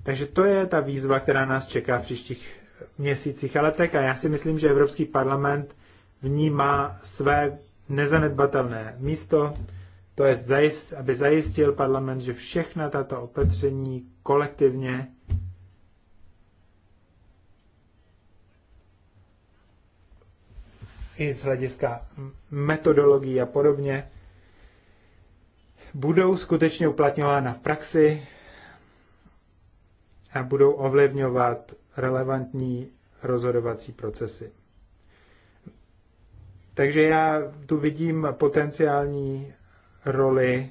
Takže to je ta výzva, která nás čeká v příštích měsících a letech a já si myslím, že Evropský parlament v ní má své nezanedbatelné místo, to je, zajist, aby zajistil parlament, že všechna tato opatření kolektivně i z hlediska metodologií a podobně, budou skutečně uplatňována v praxi a budou ovlivňovat relevantní rozhodovací procesy. Takže já tu vidím potenciální roli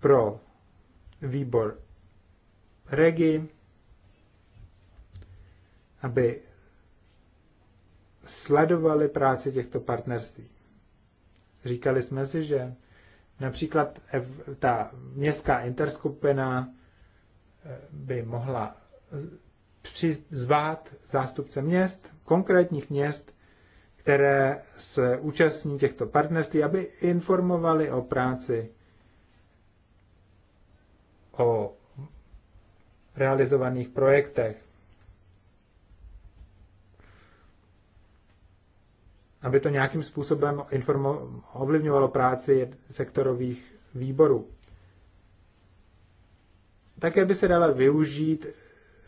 pro výbor Regi, aby sledovali práci těchto partnerství. Říkali jsme si, že například ta městská interskupina eh, by mohla přizvát zástupce měst, konkrétních měst, které se účastní těchto partnerství, aby informovali o práci, o realizovaných projektech. Aby to nějakým způsobem informo- ovlivňovalo práci sektorových výborů. Také by se dala využít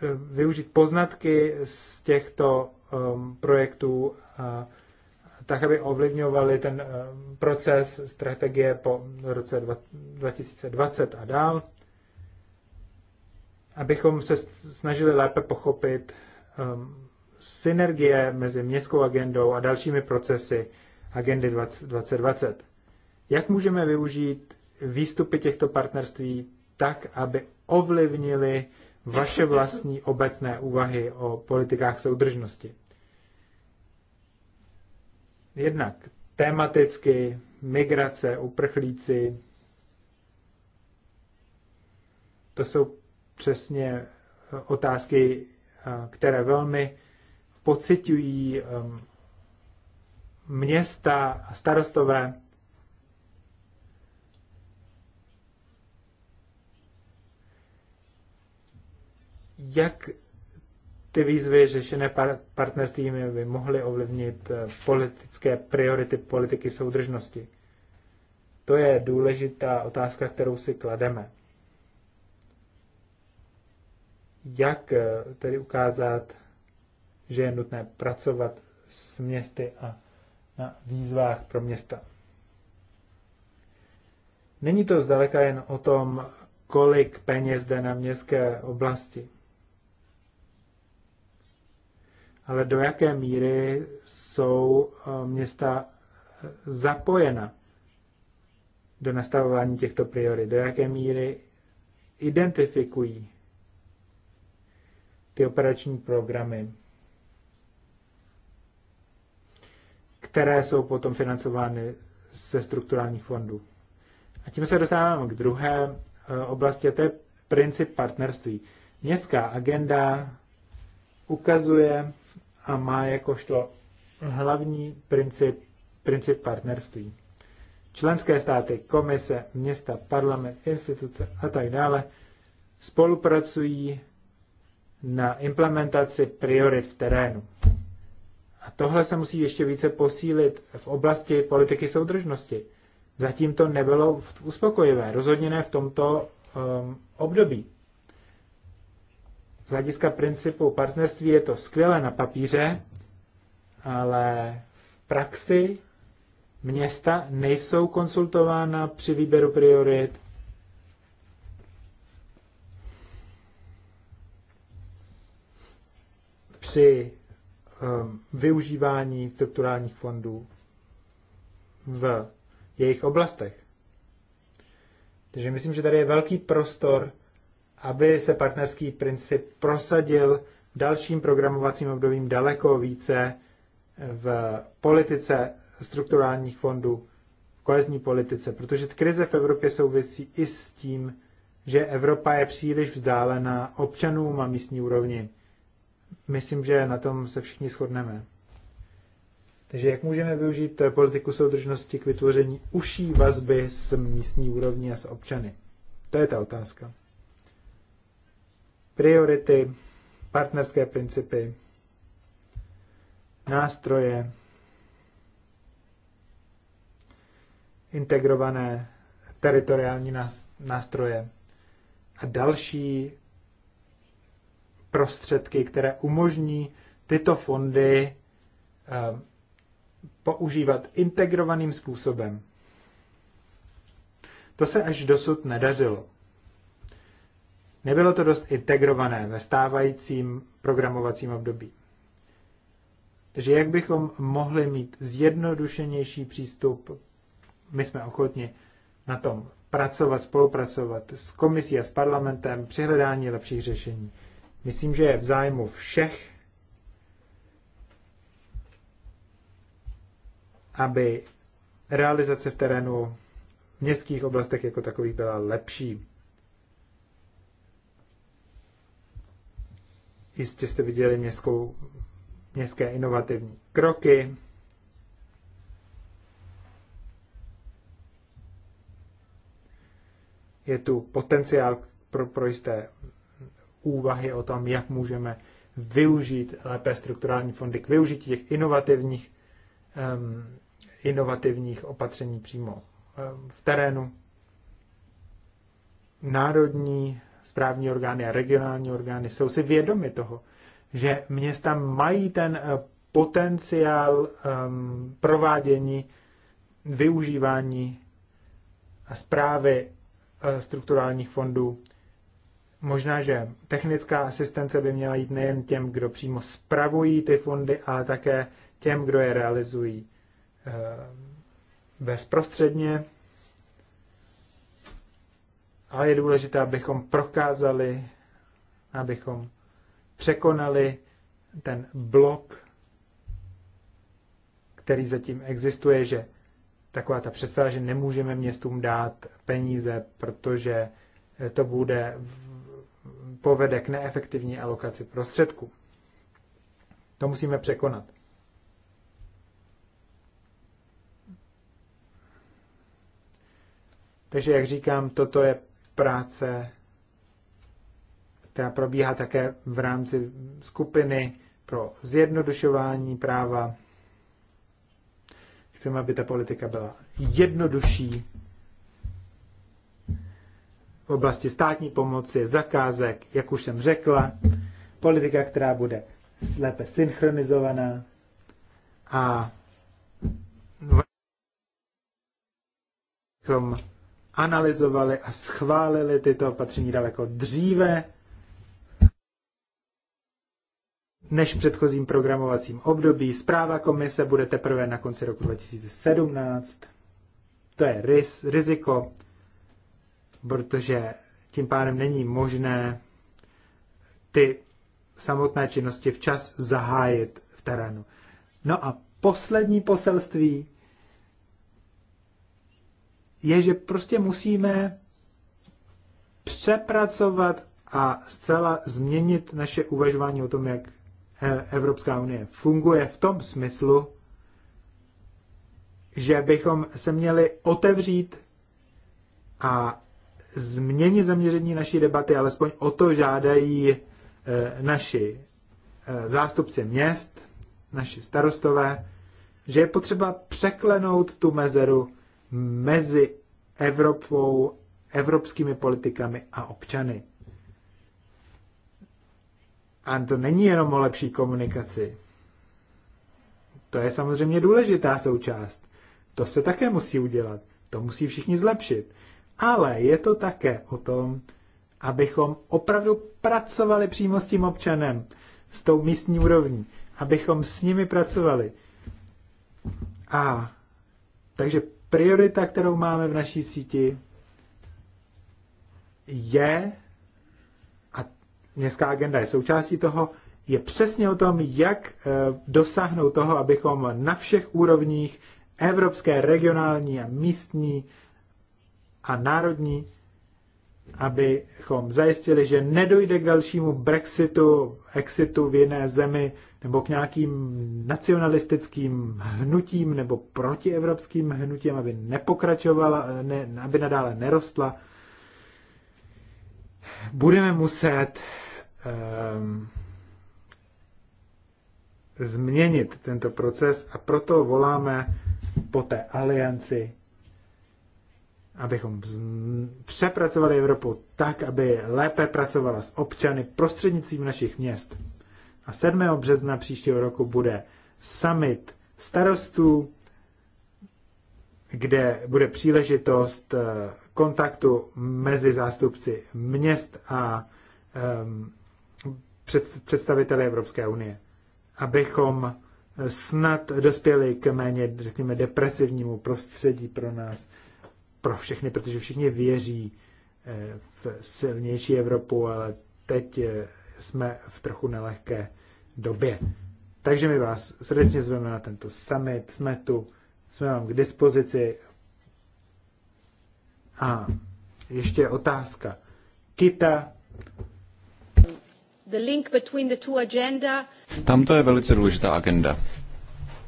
Eh, využít poznatky z těchto ehm, projektů tak, aby ovlivňovali ten ehm, proces strategie po roce 2020 a dál, abychom se snažili lépe pochopit ehm, synergie mezi městskou agendou a dalšími procesy agendy 2020. Jak můžeme využít výstupy těchto partnerství tak, aby ovlivnili vaše vlastní obecné úvahy o politikách soudržnosti. Jednak tematicky migrace, uprchlíci, to jsou přesně eh, otázky, eh, které velmi pocitují ehm, města a starostové jak ty výzvy řešené par- partnerstvími by mohly ovlivnit eh, politické priority politiky soudržnosti? To je důležitá otázka, kterou si klademe. Jak eh, tedy ukázat, že je nutné pracovat s městy a na výzvách pro města? Není to zdaleka jen o tom, kolik peněz jde na městské oblasti. ale do jaké míry jsou eh, města eh, zapojena do nastavování těchto priorit, do jaké míry identifikují ty operační programy, které jsou potom financovány ze strukturálních fondů. A tím se dostáváme k druhé eh, oblasti, a to je princip partnerství. Městská agenda ukazuje, a má jakožto hlavní princip, princip partnerství. Členské státy, komise, města, parlament, instituce a tak dále spolupracují na implementaci priorit v terénu. A tohle se musí ještě více posílit v oblasti politiky soudržnosti. Zatím to nebylo uspokojivé, rozhodně ne v tomto um, období. Z hlediska principu partnerství je to skvělé na papíře, ale v praxi města nejsou konsultována při výběru priorit. Při ehm, využívání strukturálních fondů v jejich oblastech. Takže myslím, že tady je velký prostor aby se partnerský princip prosadil v dalším programovacím obdobím daleko více v politice strukturálních fondů, v kohezní politice, protože krize v Evropě souvisí i s tím, že Evropa je příliš vzdálená občanům a místní úrovni. Myslím, že na tom se všichni shodneme. Takže jak můžeme využít politiku soudržnosti k vytvoření užší vazby s místní úrovní a s občany? To je ta otázka priority, partnerské principy, nástroje, integrované teritoriální nástroje a další prostředky, které umožní tyto fondy eh, používat integrovaným způsobem. To se až dosud nedařilo. Nebylo to dost integrované ve stávajícím programovacím období. Takže jak bychom mohli mít zjednodušenější přístup, my jsme ochotni na tom pracovat, spolupracovat s komisí a s parlamentem při hledání lepších řešení. Myslím, že je v zájmu všech, aby realizace v terénu v městských oblastech jako takových byla lepší. Jistě jste viděli městskou, městské inovativní kroky. Je tu potenciál pro, pro jisté úvahy o tom, jak můžeme využít lépe strukturální fondy k využití těch inovativních, um, inovativních opatření přímo um, v terénu. Národní správní orgány a regionální orgány jsou si vědomi toho, že města mají ten eh, potenciál um, provádění, využívání a zprávy uh, eh, strukturálních fondů. Možná, že technická asistence by měla jít nejen těm, kdo přímo spravují ty fondy, ale také těm, kdo je realizují uh, bezprostředně ale je důležité, abychom prokázali, abychom překonali ten blok, který zatím existuje, že taková ta představa, že nemůžeme městům dát peníze, protože to bude povede k neefektivní alokaci prostředků. To musíme překonat. Takže, jak říkám, toto je práce, která probíhá také v rámci skupiny pro zjednodušování práva. Chceme, aby ta politika byla jednodušší. V oblasti státní pomoci, zakázek, jak už jsem řekla, politika, která bude slepe synchronizovaná a v tom analyzovali a schválili tyto opatření daleko dříve než v předchozím programovacím období. Zpráva komise bude teprve na konci roku 2017. To je riz, riziko, protože tím pádem není možné ty samotné činnosti včas zahájit v terénu. No a poslední poselství je, že prostě musíme přepracovat a zcela změnit naše uvažování o tom, jak eh, Evropská unie funguje v tom smyslu, že bychom se měli otevřít a změnit zaměření naší debaty, alespoň o to žádají eh, naši eh, zástupci měst, naši starostové, že je potřeba překlenout tu mezeru mezi Evropou, evropskými politikami a občany. A to není jenom o lepší komunikaci. To je samozřejmě důležitá součást. To se také musí udělat. To musí všichni zlepšit. Ale je to také o tom, abychom opravdu pracovali přímo s tím občanem, s tou místní úrovní, abychom s nimi pracovali. A takže priorita, kterou máme v naší síti, je, a městská agenda je součástí toho, je přesně o tom, jak eh, dosáhnout toho, abychom na všech úrovních evropské, regionální a místní a národní abychom zajistili, že nedojde k dalšímu Brexitu, exitu v jiné zemi nebo k nějakým nacionalistickým hnutím nebo protievropským hnutím, aby nepokračovala, ne, aby nadále nerostla, budeme muset um, změnit tento proces a proto voláme po té alianci abychom přepracovali Evropu tak, aby lépe pracovala s občany prostřednictvím našich měst. A 7. března příštího roku bude summit starostů, kde bude příležitost eh, kontaktu mezi zástupci měst a um, představiteli Evropské unie, abychom eh, snad dospěli k méně, řekněme, depresivnímu prostředí pro nás pro všechny, protože všichni věří eh, v silnější Evropu, ale teď eh, jsme v trochu nelehké době. Takže my vás srdečně zveme na tento summit, jsme tu, jsme vám k dispozici. A ještě otázka. Kita. The link between the two agenda. Tam to je velice důležitá agenda.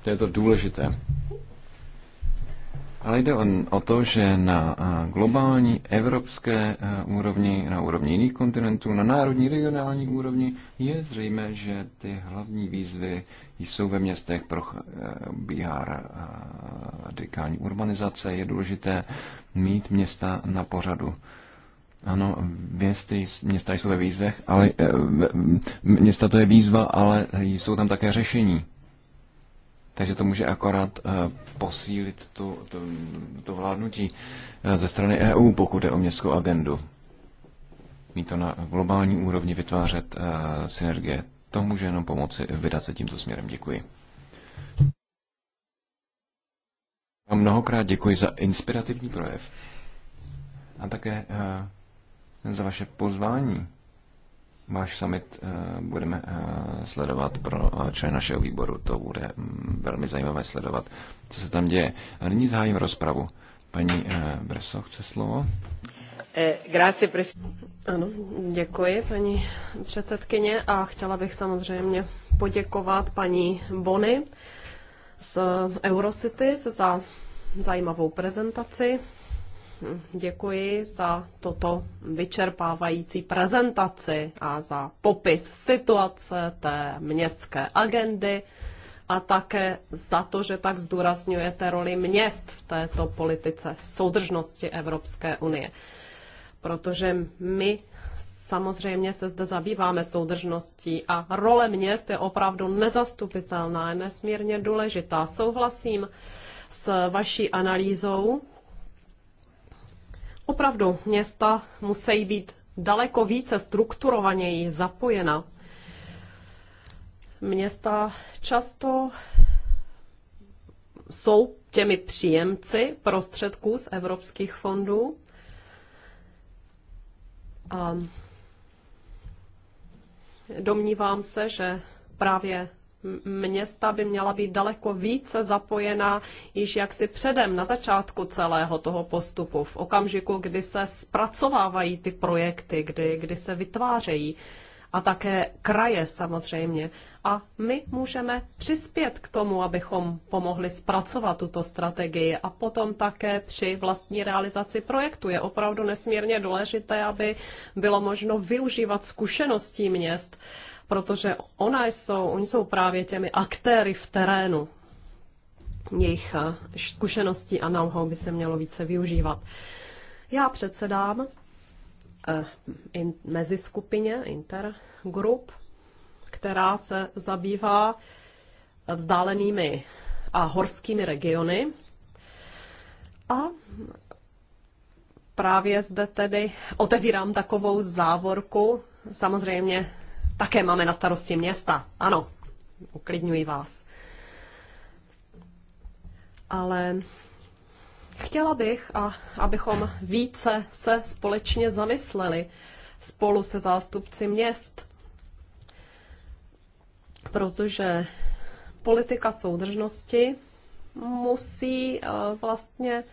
To je to důležité. Ale jde o to, že na globální evropské úrovni, na úrovni jiných kontinentů, na národní regionální úrovni je zřejmé, že ty hlavní výzvy jsou ve městech pro Bihar radikální urbanizace. Je důležité mít města na pořadu. Ano, městy, města jsou ve výzvech, ale e, města to je výzva, ale jsou tam také řešení. Takže to může akorát eh, posílit tu, to, to vládnutí eh, ze strany EU, pokud je o městskou agendu. Mít to na globální úrovni, vytvářet eh, synergie. To může jenom pomoci vydat se tímto směrem. Děkuji. A mnohokrát děkuji za inspirativní projev a také za vaše pozvání váš summit eh, budeme eh, sledovat pro eh, členy našeho výboru. To bude mm, velmi zajímavé sledovat, co se tam děje. A nyní zahájím rozpravu. Paní Breso chce slovo. Ano, děkuji, paní předsedkyně, a chtěla bych samozřejmě poděkovat paní Bony z Eurocity za zajímavou prezentaci Děkuji za toto vyčerpávající prezentaci a za popis situace té městské agendy a také za to, že tak zdůrazňujete roli měst v této politice soudržnosti Evropské unie. Protože my samozřejmě se zde zabýváme soudržností a role měst je opravdu nezastupitelná, nesmírně důležitá. Souhlasím s vaší analýzou Opravdu města musí být daleko více strukturovaněji zapojena. Města často jsou těmi příjemci prostředků z evropských fondů. A domnívám se, že právě města by měla být daleko více zapojena již jaksi předem na začátku celého toho postupu, v okamžiku, kdy se zpracovávají ty projekty, kdy, kdy se vytvářejí a také kraje samozřejmě. A my můžeme přispět k tomu, abychom pomohli zpracovat tuto strategii a potom také při vlastní realizaci projektu. Je opravdu nesmírně důležité, aby bylo možno využívat zkušeností měst protože ona jsou, oni jsou právě těmi aktéry v terénu. Jejich eh, zkušenosti a know-how by se mělo více využívat. Já předsedám eh, in, mezi skupině Intergroup, která se zabývá vzdálenými a horskými regiony. A právě zde tedy otevírám takovou závorku. Samozřejmě také máme na starosti města. Ano, uklidňuji vás. Ale chtěla bych, a abychom více se společně zamysleli spolu se zástupci měst, protože politika soudržnosti musí eh, vlastně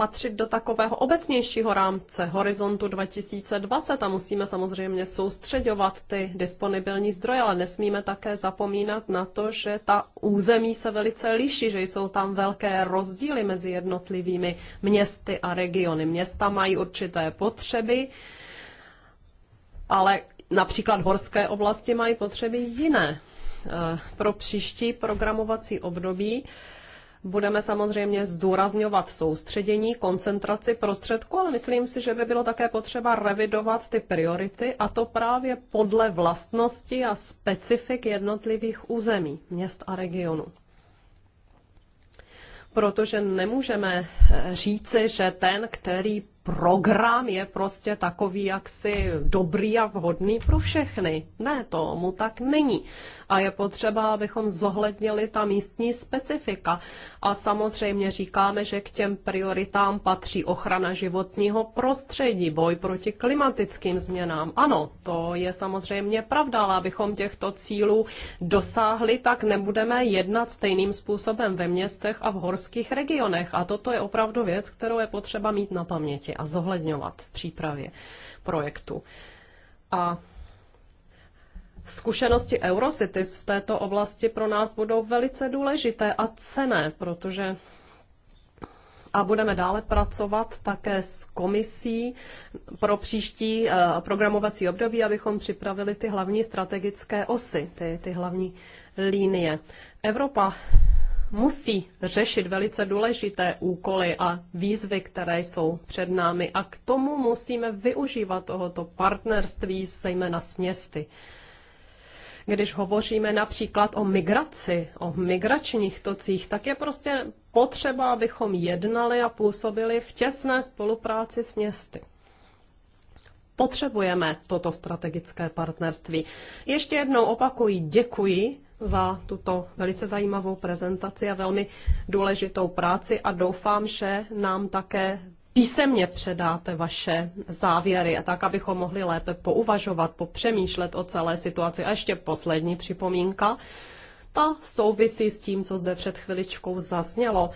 patřit do takového obecnějšího rámce horizontu 2020 a musíme samozřejmě soustředovat ty disponibilní zdroje, ale nesmíme také zapomínat na to, že ta území se velice liší, že jsou tam velké rozdíly mezi jednotlivými městy a regiony. Města mají určité potřeby, ale například horské oblasti mají potřeby jiné. Eh, pro příští programovací období Budeme samozřejmě zdůrazňovat soustředění, koncentraci prostředků, ale myslím si, že by bylo také potřeba revidovat ty priority a to právě podle vlastnosti a specifik jednotlivých území, měst a regionů protože nemůžeme říci, že ten, který program je prostě takový jaksi dobrý a vhodný pro všechny. Ne, tomu tak není. A je potřeba, abychom zohlednili ta místní specifika. A samozřejmě říkáme, že k těm prioritám patří ochrana životního prostředí, boj proti klimatickým změnám. Ano, to je samozřejmě pravda, ale abychom těchto cílů dosáhli, tak nebudeme jednat stejným způsobem ve městech a v horských regionech. A toto je opravdu věc, kterou je potřeba mít na paměti a zohledňovat v přípravě projektu. A Zkušenosti Eurocities v této oblasti pro nás budou velice důležité a cené, protože a budeme dále pracovat také s komisí pro příští eh, programovací období, abychom připravili ty hlavní strategické osy, ty, ty hlavní línie. Evropa musí řešit velice důležité úkoly a výzvy, které jsou před námi. A k tomu musíme využívat tohoto partnerství, zejména s městy. Když hovoříme například o migraci, o migračních tocích, tak je prostě potřeba, abychom jednali a působili v těsné spolupráci s městy potřebujeme toto strategické partnerství. Ještě jednou opakuji, děkuji za tuto velice zajímavou prezentaci a velmi důležitou práci a doufám, že nám také písemně předáte vaše závěry a tak, abychom mohli lépe pouvažovat, popřemýšlet o celé situaci. A ještě poslední připomínka. Ta souvisí s tím, co zde před chviličkou zaznělo.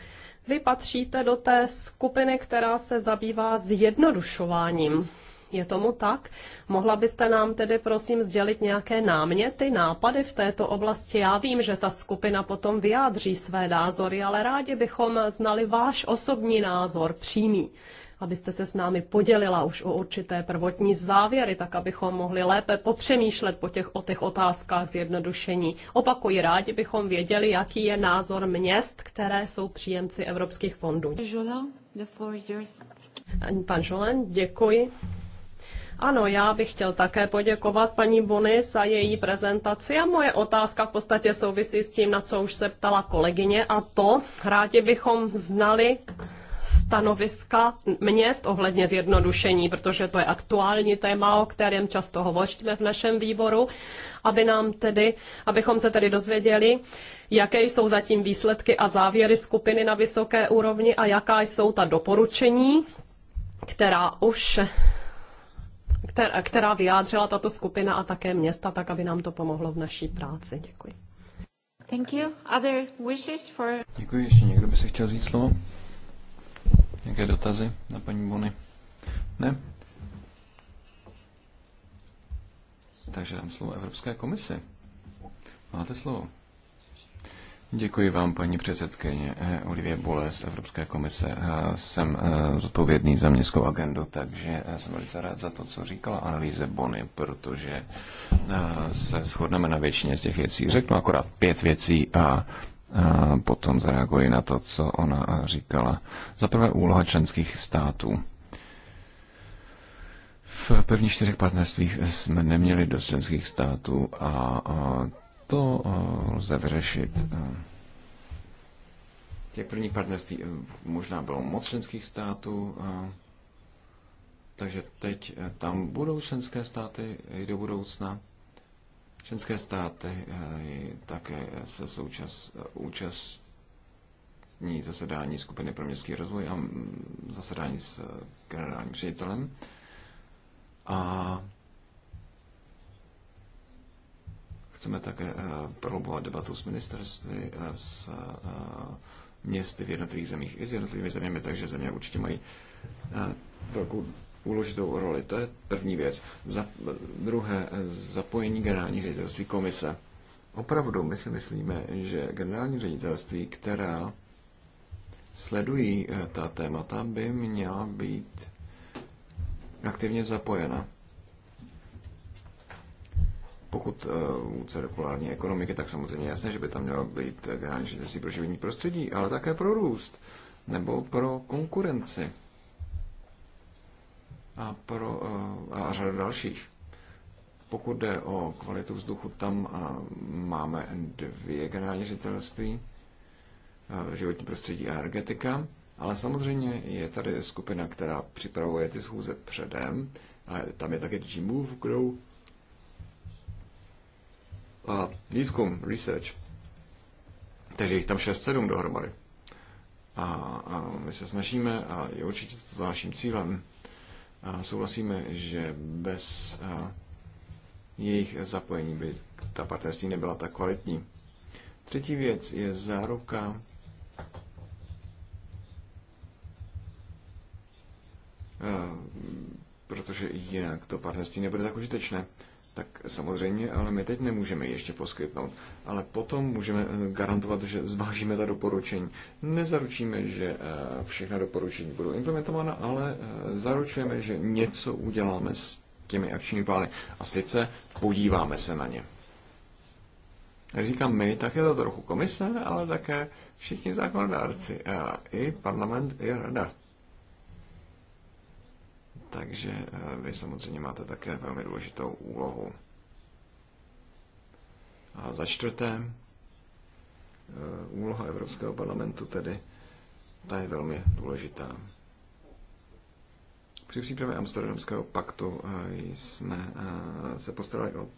Vy patříte do té skupiny, která se zabývá zjednodušováním je tomu tak? Mohla byste nám tedy prosím sdělit nějaké náměty, nápady v této oblasti? Já vím, že ta skupina potom vyjádří své názory, ale rádi bychom znali váš osobní názor přímý abyste se s námi podělila už o určité prvotní závěry, tak abychom mohli lépe popřemýšlet po těch, o těch otázkách zjednodušení. Opakuji, rádi bychom věděli, jaký je názor měst, které jsou příjemci evropských fondů. Pan Žolen, děkuji. Ano, já bych chtěl také poděkovat paní Bony za její prezentaci a moje otázka v podstatě souvisí s tím, na co už se ptala kolegyně a to rádi bychom znali stanoviska měst ohledně zjednodušení, protože to je aktuální téma, o kterém často hovoříme v našem výboru, aby nám tedy, abychom se tedy dozvěděli, jaké jsou zatím výsledky a závěry skupiny na vysoké úrovni a jaká jsou ta doporučení, která už která vyjádřila tato skupina a také města, tak aby nám to pomohlo v naší práci. Děkuji. Thank you. Other wishes for... Děkuji. Ještě někdo by se chtěl vzít slovo? Nějaké dotazy na paní Bony? Ne? Takže dám slovo Evropské komisi. Máte slovo. Děkuji vám, paní předsedkyně eh, Olivie Bole z Evropské komise. Eh, jsem eh, zodpovědný za městskou agendu, takže jsem velice rád za to, co říkala analýze Bony, protože se shodneme na většině z těch věcí. Řeknu akorát pět věcí a potom zareaguji na to, co ona říkala. Za prvé úloha členských států. V prvních čtyřech partnerstvích jsme neměli dost členských států a to eh, lze vyřešit. Eh, těch první partnerství eh, možná bylo moc členských států, takže teď tam budou členské státy i do budoucna. Členské státy také se součas, účastní zasedání skupiny pro městský rozvoj a mm, zasedání s generálním ředitelem. A Chceme také eh, prolobovat debatu s ministerstvy, eh, s eh, městy v jednotlivých zemích i s jednotlivými zeměmi, takže země určitě mají velkou úložitou roli. To je první věc. Za druhé, zapojení generální ředitelství komise. Opravdu my si myslíme, že generální ředitelství, která sledují ta témata, by měla být aktivně zapojena pokud vůdce eh, repolární ekonomiky, tak samozřejmě jasné, že by tam mělo být generální ředitelství pro životní prostředí, ale také pro růst nebo pro konkurenci a pro eh, a řadu dalších. Pokud jde o kvalitu vzduchu, tam eh, máme dvě generální ředitelství, životní prostředí a energetika, ale samozřejmě je tady skupina, která připravuje ty schůze předem, a tam je také jimův Move, kterou a výzkum, research. Takže jich tam 6-7 dohromady. A, a my se snažíme, a je určitě to naším cílem, a souhlasíme, že bez a, jejich zapojení by ta partnerství nebyla tak kvalitní. Třetí věc je záruka protože jinak to partnerství nebude tak užitečné tak samozřejmě, ale my teď nemůžeme ještě poskytnout. Ale potom můžeme eh, garantovat, že zvážíme ta doporučení. Nezaručíme, že eh, všechna doporučení budou implementována, ale eh, zaručujeme, že něco uděláme s těmi akčními plány. A sice podíváme se na ně. Když říkám my, tak je to trochu komise, ale také všichni zákonodárci, i parlament, i rada. Takže eh, vy samozřejmě máte také velmi důležitou úlohu. A za čtvrté, eh, úloha Evropského parlamentu tedy, ta je velmi důležitá. Při přípravě Amsterdamského paktu eh, jsme se postarali o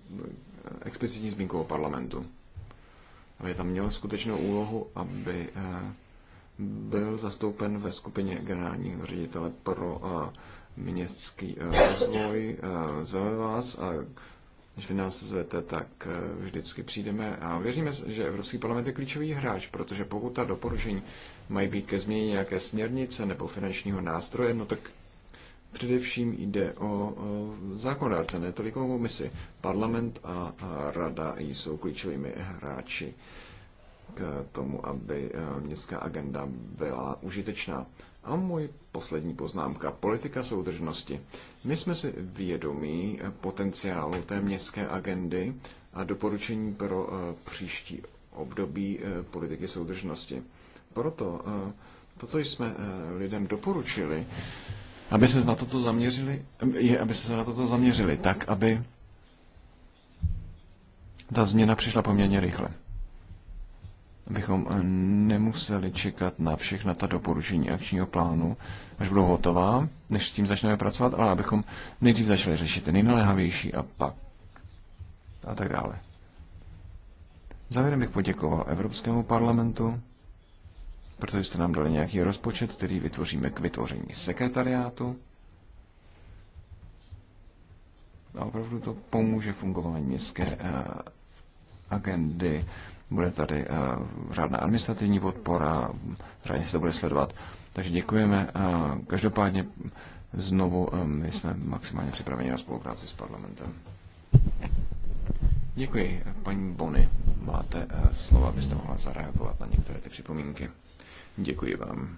explicitní zmínku o parlamentu. Aby tam měl skutečnou úlohu, aby byl zastoupen ve skupině generálního ředitele pro městský eh, rozvoj. Eh, Zveme vás a když vy nás zvete, tak eh, vždycky přijdeme a věříme, že Evropský parlament je klíčový hráč, protože pokud ta doporučení mají být ke změně nějaké směrnice nebo finančního nástroje, no tak především jde o, zákonodárce, ne tolik o komisi. Parlament a rada jsou klíčovými hráči k tomu, aby eh, městská agenda byla užitečná. A můj poslední poznámka, politika soudržnosti. My jsme si vědomí eh, potenciálu té městské agendy a doporučení pro eh, příští období politiky soudržnosti. Proto to, co jsme lidem doporučili, aby se na toto zaměřili, je, aby se na toto zaměřili tak, aby ta změna přišla poměrně rychle abychom eh, nemuseli čekat na všechna ta doporučení akčního plánu, až budou hotová, než s tím začneme pracovat, ale abychom nejdřív začali řešit ty nejnaléhavější a pak a tak dále. Závěrem bych poděkoval Evropskému parlamentu, protože jste nám dali nějaký rozpočet, který vytvoříme k vytvoření sekretariátu. A opravdu to pomůže fungování městské eh, agendy bude tady eh, řádná administrativní podpora, řádně se to bude sledovat. Takže děkujeme. Eh, každopádně znovu eh, my jsme maximálně připraveni na spolupráci s parlamentem. Děkuji. Paní Bony, máte slova, abyste mohla zareagovat na některé ty připomínky. Děkuji vám.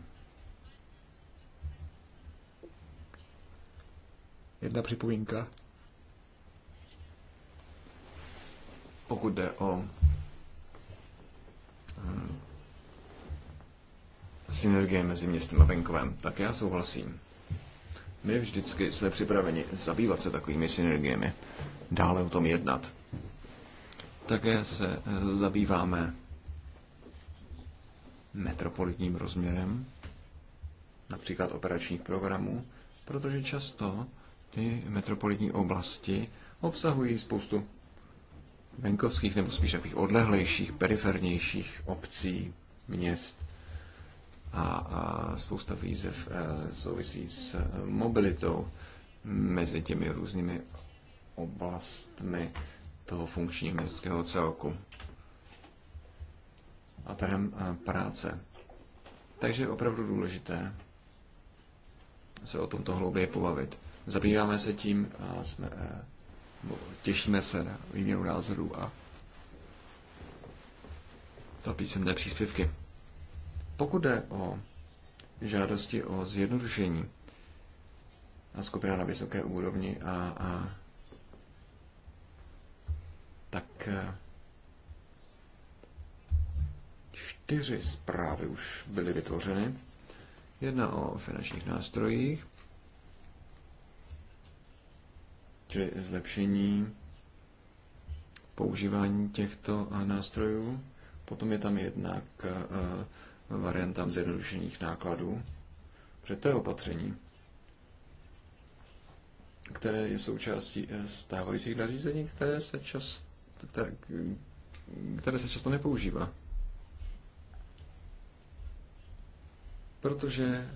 Jedna připomínka. Pokud jde o Hmm. synergie mezi městem a venkovem, tak já souhlasím. My vždycky jsme připraveni zabývat se takovými synergiemi, dále o tom jednat. Také se eh, zabýváme metropolitním rozměrem, například operačních programů, protože často ty metropolitní oblasti obsahují spoustu venkovských nebo spíš takových odlehlejších, perifernějších obcí, měst a, a spousta výzev eh, souvisí s eh, mobilitou mezi těmi různými oblastmi toho funkčního městského celku a trhem eh, práce. Takže je opravdu důležité se o tomto hlouběji pobavit. Zabýváme se tím a jsme těšíme se na výměnu názorů a za písemné příspěvky. Pokud jde o žádosti o zjednodušení a skupina na vysoké úrovni a, a tak e, čtyři zprávy už byly vytvořeny. Jedna o finančních nástrojích, čili zlepšení používání těchto eh, nástrojů. Potom je tam jednak eh, varianta zjednodušených nákladů, protože to je opatření, které je součástí eh, stávajících nařízení, které se, čas, které, které se často nepoužívá. Protože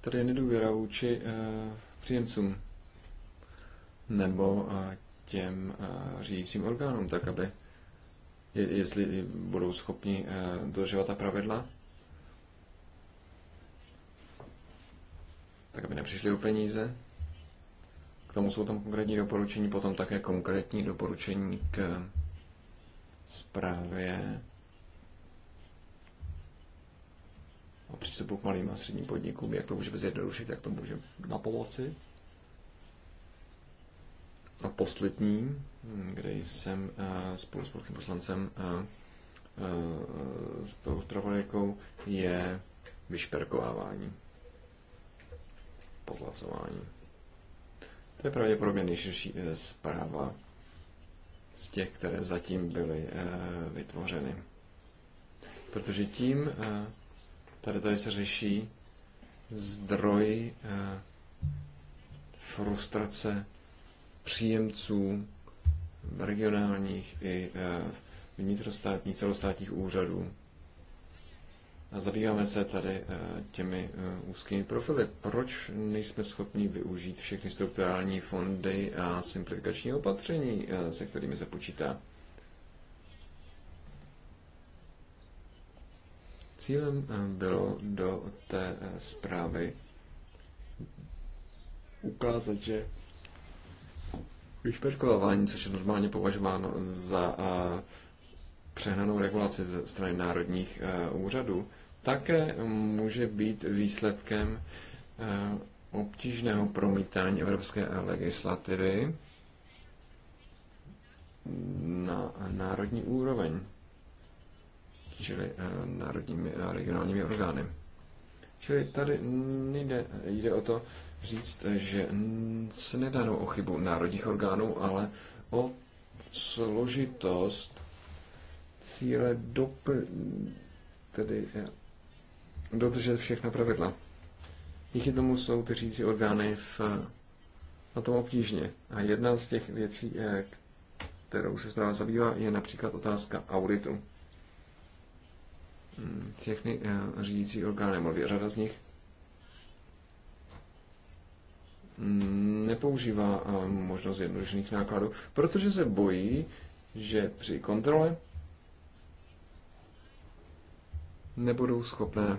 tady je nedůvěra vůči příjemcům nebo eh, těm eh, řídícím orgánům, tak aby, jestli budou schopni eh, dodržovat ta pravidla, tak aby nepřišli o peníze. K tomu jsou tam konkrétní doporučení, potom také konkrétní doporučení k zprávě o přístupu k malým a středním podnikům, jak to můžeme zjednodušit, jak to můžeme na pomoci. A poslední, hm, kde jsem eh, spolu s polským poslancem spolu eh, eh, s pravodajkou, je vyšperkovávání. Pozlacování. To je pravděpodobně nejširší zpráva z těch, které zatím byly vytvořeny. Protože tím tady, tady se řeší zdroj frustrace příjemců regionálních i eh, vnitrostátních, celostátních úřadů. A zabýváme se tady eh, těmi eh, úzkými profily. Proč nejsme schopni využít všechny strukturální fondy a simplifikační opatření, se kterými se počítá? Cílem bylo do té zprávy ukázat, že Vyšperkovávání, což je normálně považováno za eh, přehnanou regulaci ze strany národních eh, úřadů, také může být výsledkem eh, obtížného promítání evropské legislativy na národní úroveň, čili národními a regionálními orgány. Čili tady jde, jde o to, říct, že se nedá o chybu národních orgánů, ale o složitost cíle dopl- tedy eh, dodržet všechna pravidla. Díky tomu jsou ty řící orgány v, na tom obtížně. A jedna z těch věcí, eh, kterou se zpráva zabývá, je například otázka auditu. Hmm, všechny eh, řídící orgány, mluví řada z nich, Mm, nepoužívá eh, možnost jednodušených nákladů, protože se bojí, že při kontrole nebudou schopné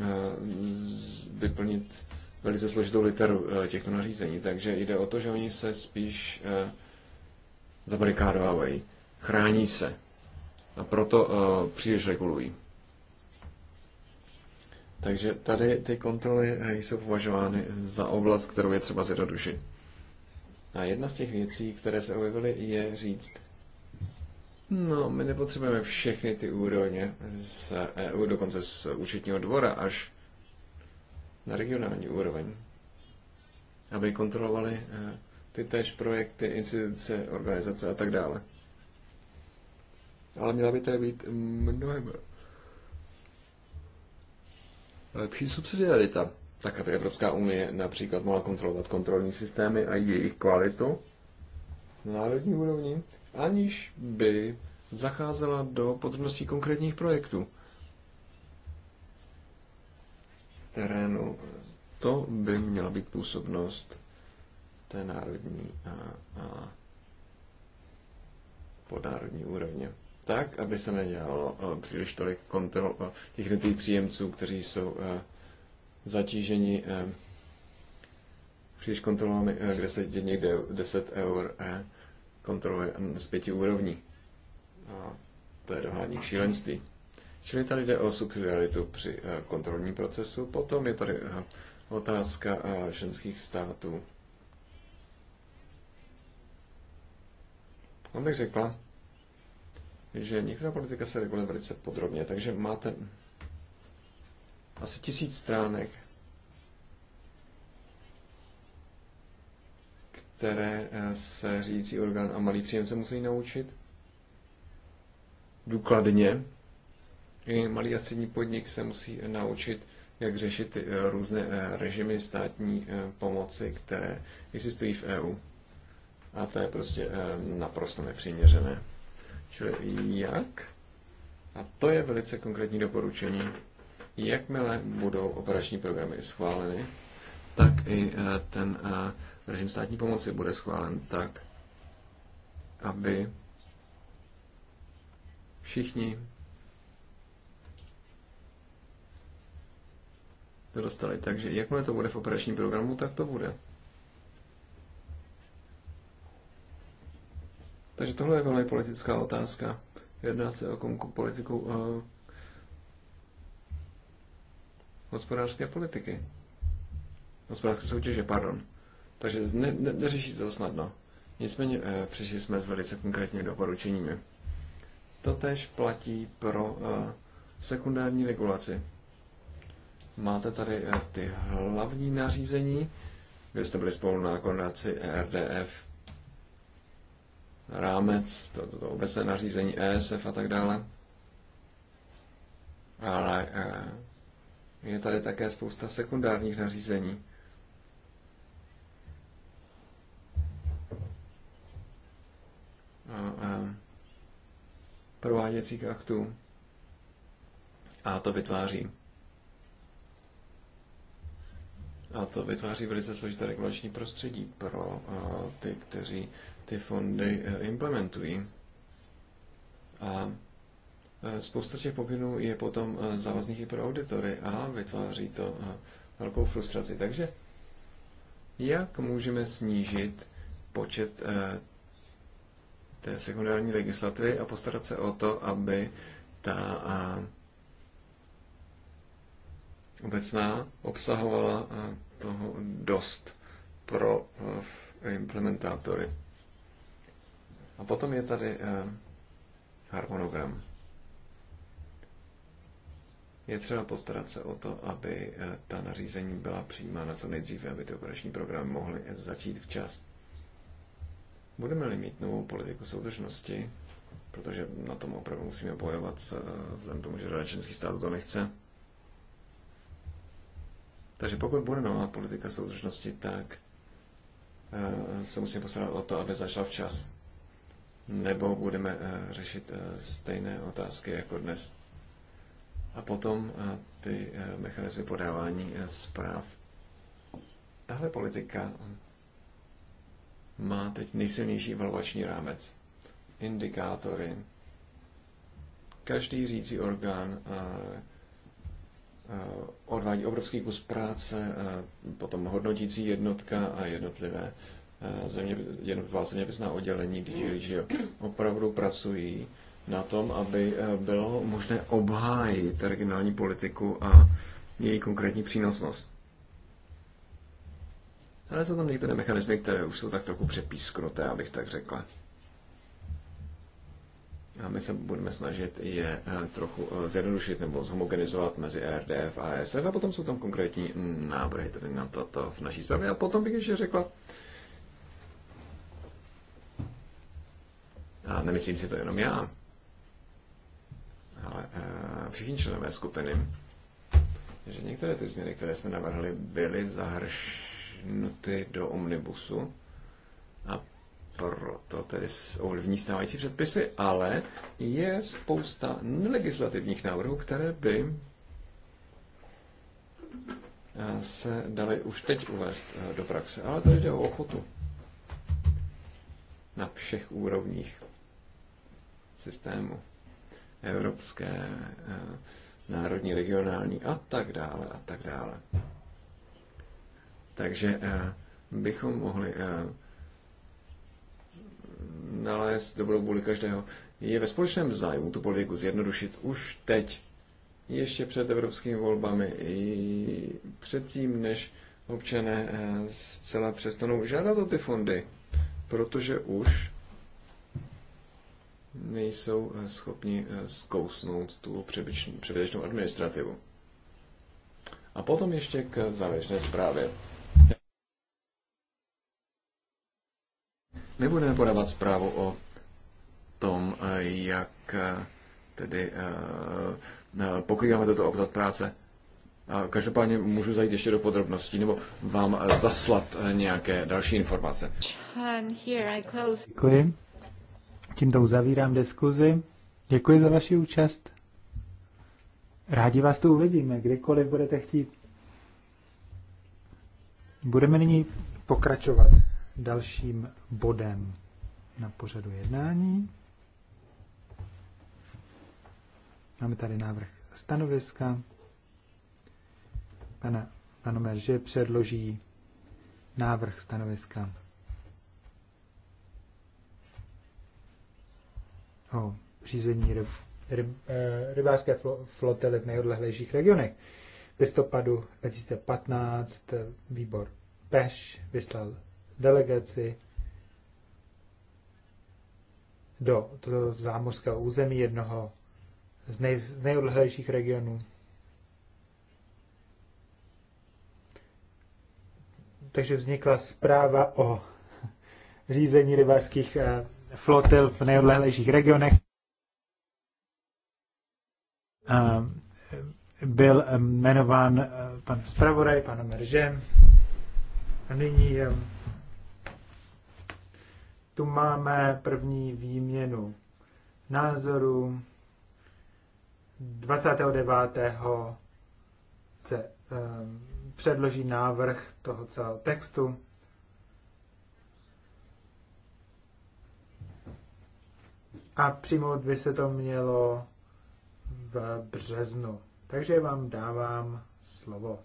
eh, vyplnit velice složitou literu eh, těchto nařízení. Takže jde o to, že oni se spíš zabarikádovávají. Chrání se. A proto eh, příliš regulují. Takže tady ty kontroly eh, jsou považovány za oblast, kterou je třeba zjednodušit. A jedna z těch věcí, které se objevily, je říct, no, my nepotřebujeme všechny ty úrovně z EU, dokonce z účetního dvora až na regionální úroveň, aby kontrolovali eh, ty též projekty, instituce, organizace a tak dále ale měla by tady být mnohem lepší subsidiarita. Tak aby Evropská unie například mohla kontrolovat kontrolní systémy a jejich kvalitu na národní úrovni, aniž by zacházela do podrobností konkrétních projektů. Terénu. To by měla být působnost té národní a, a podnárodní úrovně tak, aby se nedělalo eh, příliš tolik kontrol eh, těch jednotlivých příjemců, kteří jsou eh, zatíženi příliš kontrolami, kde se někde 10 eur kontroluje hm, z pěti úrovní. A to je dohání k šílenství. Čili tady jde o subsidiaritu při kontrolním procesu. Potom je tady otázka ženských států. On bych řekla, že některá politika se reguluje velice podrobně, takže máte asi tisíc stránek, které eh, se řídící orgán a malý se musí naučit důkladně. I malý a střední podnik se musí naučit, jak řešit eh, různé eh, režimy státní pomoci, které existují v EU. A to je prostě naprosto nepřiměřené. Čili jak? A to je velice konkrétní doporučení. Jakmile budou operační programy schváleny, tak i eh, ten eh, režim státní pomoci bude schválen tak, aby všichni to dostali. Takže jakmile to bude v operačním programu, tak to bude. Takže tohle je velmi politická otázka. Jedná se o politiku uh, hospodářské politiky. Hospodářské soutěže, pardon. Takže ne, ne, neřeší to snadno. Nicméně uh, přišli jsme s velice konkrétními doporučeními. To tež platí pro uh, sekundární regulaci. Máte tady uh, ty hlavní nařízení, kde jste byli spolu na kondaci RDF rámec, to, to, to obecné nařízení ESF a tak dále. Ale eh, je tady také spousta sekundárních nařízení. A, a eh, prováděcích aktů. A to vytváří. A to vytváří velice složité regulační prostředí pro eh, ty, kteří ty fondy eh, implementují. A eh, spousta těch pokynů je potom eh, závazných i pro auditory a vytváří to velkou frustraci. Takže jak můžeme snížit počet té sekundární legislativy a postarat se o to, aby ta obecná obsahovala toho dost pro implementátory. A potom je tady eh, harmonogram. Je třeba postarat se o to, aby eh, ta nařízení byla přijímána co nejdříve, aby ty operační programy mohly začít včas. Budeme-li mít novou politiku soudržnosti, protože na tom opravdu musíme bojovat, eh, vzhledem tomu, že řada členských států to nechce. Takže pokud bude nová politika soudržnosti, tak se musíme postarat o to, aby začala včas nebo budeme eh, řešit eh, stejné otázky jako dnes. A potom eh, ty mechanizmy podávání zpráv. Tahle politika má teď nejsilnější evaluační rámec. Indikátory. Každý řídící orgán odvádí obrovský kus práce, potom hodnotící jednotka a jednotlivé země, jednotlivá zeměpisná oddělení že opravdu pracují na tom, aby eh, bylo možné obhájit regionální politiku a její konkrétní přínosnost. Ale jsou tam některé mechanismy, které už jsou tak trochu přepísknuté, abych tak řekla. A my se budeme snažit je eh, trochu eh, zjednodušit nebo zhomogenizovat mezi RDF a ESF a potom jsou tam konkrétní návrhy tedy na toto v naší zprávě. A potom bych ještě řekla, A nemyslím si to jenom já, ale eh, všichni členové skupiny, že některé ty změny, které jsme navrhli, byly zahrnuty do omnibusu a proto tedy ovlivní stávající předpisy, ale je spousta nelegislativních návrhů, které by eh, se daly už teď uvést eh, do praxe. Ale to jde o ochotu na všech úrovních systému evropské, eh, národní, regionální a tak dále a tak dále. Takže eh, bychom mohli eh, nalézt dobrou vůli každého. Je ve společném zájmu tu politiku zjednodušit už teď, ještě před evropskými volbami, i předtím, než občané zcela přestanou žádat o ty fondy, protože už nejsou eh, schopni eh, zkousnout tu přebytečnou administrativu. A potom ještě k závěrečné zprávě. budeme podávat zprávu o tom, eh, jak tedy pokrýváme toto obzad práce. Každopádně můžu zajít ještě do podrobností nebo vám zaslat nějaké další informace. Děkuji. Tímto uzavírám diskuzi. Děkuji za vaši účast. Rádi vás tu uvidíme, kdykoliv budete chtít. Budeme nyní pokračovat dalším bodem na pořadu jednání. Máme tady návrh stanoviska. Pana, panu Merže předloží návrh stanoviska o řízení ryb, ryb, eh, rybářské flotily v nejodlehlejších regionech. V listopadu 2015 eh, výbor PEŠ vyslal delegaci do, toho zámořského území jednoho z, nej, z nejodlehlejších regionů. Takže vznikla zpráva o řízení rybářských eh, flotil v nejodlehlejších regionech. E, byl e, jmenován e, pan Spravodaj, pan Meržem. A nyní tu máme první výměnu názorů. 29. se předloží návrh toho celého textu. a přijmout by se to mělo v březnu. Takže vám dávám slovo.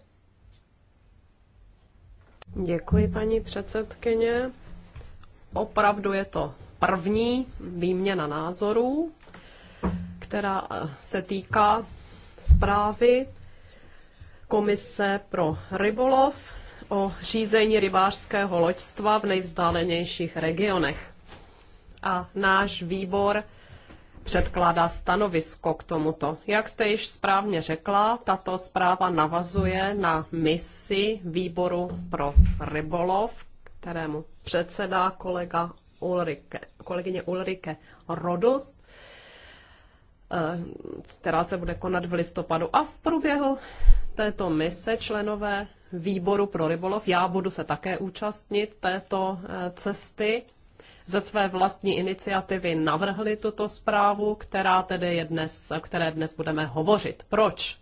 Děkuji, paní předsedkyně. Opravdu je to první výměna názorů, která eh, se týká zprávy Komise pro rybolov o řízení rybářského loďstva v nejvzdálenějších regionech a náš výbor předkládá stanovisko k tomuto. Jak jste již správně řekla, tato zpráva navazuje na misi výboru pro rybolov, kterému předsedá kolega Ulrike, kolegyně Ulrike Rodost, eh, která se bude konat v listopadu. A v průběhu této mise členové výboru pro rybolov, já budu se také účastnit této eh, cesty ze své vlastní iniciativy navrhli tuto zprávu, která tedy je dnes, o které dnes budeme hovořit. Proč?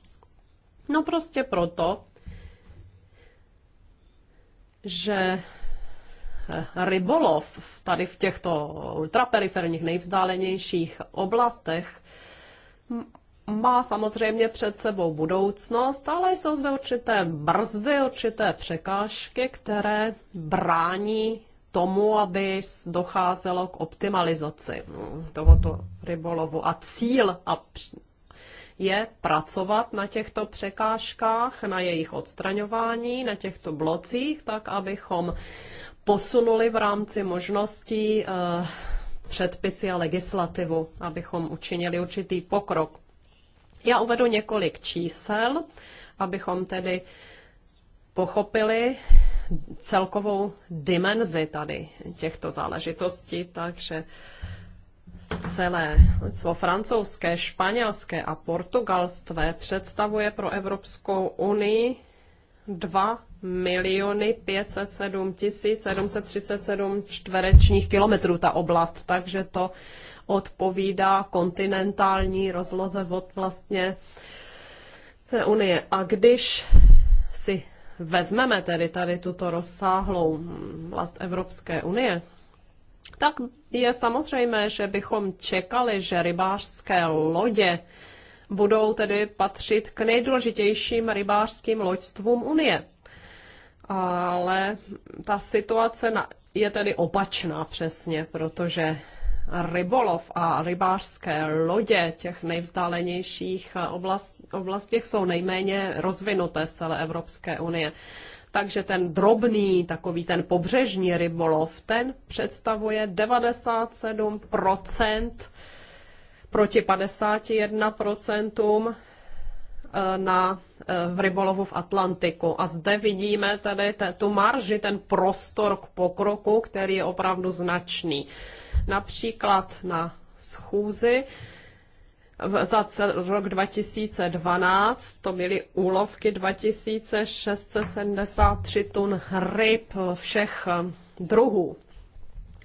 No prostě proto, že eh, rybolov tady v těchto ultraperiferních nejvzdálenějších oblastech má samozřejmě před sebou budoucnost, ale jsou zde určité brzdy, určité překážky, které brání tomu, aby docházelo k optimalizaci tohoto rybolovu. A cíl a je pracovat na těchto překážkách, na jejich odstraňování, na těchto blocích, tak abychom posunuli v rámci možností eh, předpisy a legislativu, abychom učinili určitý pokrok. Já uvedu několik čísel, abychom tedy pochopili, celkovou dimenzi tady těchto záležitostí, takže celé svo francouzské, španělské a portugalské představuje pro Evropskou unii 2 miliony 507 737 čtverečních kilometrů ta oblast, takže to odpovídá kontinentální rozloze od vlastně té unie. A když si vezmeme tedy tady tuto rozsáhlou vlast Evropské unie, tak je samozřejmé, že bychom čekali, že rybářské lodě budou tedy patřit k nejdůležitějším rybářským loďstvům Unie. Ale ta situace je tedy opačná přesně, protože rybolov a rybářské lodě těch nejvzdálenějších oblastí oblastech jsou nejméně rozvinuté z celé Evropské unie. Takže ten drobný, takový ten pobřežní rybolov, ten představuje 97 proti 51% eh, na, eh, v rybolovu v Atlantiku. A zde vidíme tady te, tu marži, ten prostor k pokroku, který je opravdu značný. Například na schůzi za cel, rok 2012 to byly úlovky 2673 tun ryb všech eh, druhů.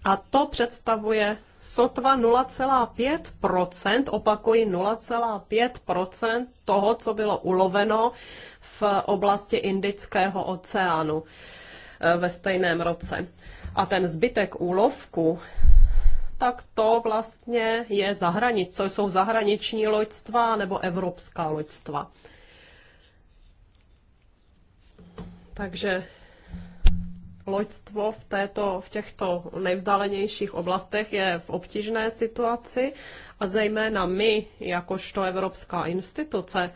A to představuje sotva 0,5%, opakuji 0,5% toho, co bylo uloveno v oblasti Indického oceánu eh, ve stejném roce. A ten zbytek úlovku tak to vlastně je zahranič, co jsou zahraniční loďstva nebo evropská loďstva. Takže loďstvo v, této, v těchto nejvzdálenějších oblastech je v obtížné situaci a zejména my, jakožto Evropská instituce,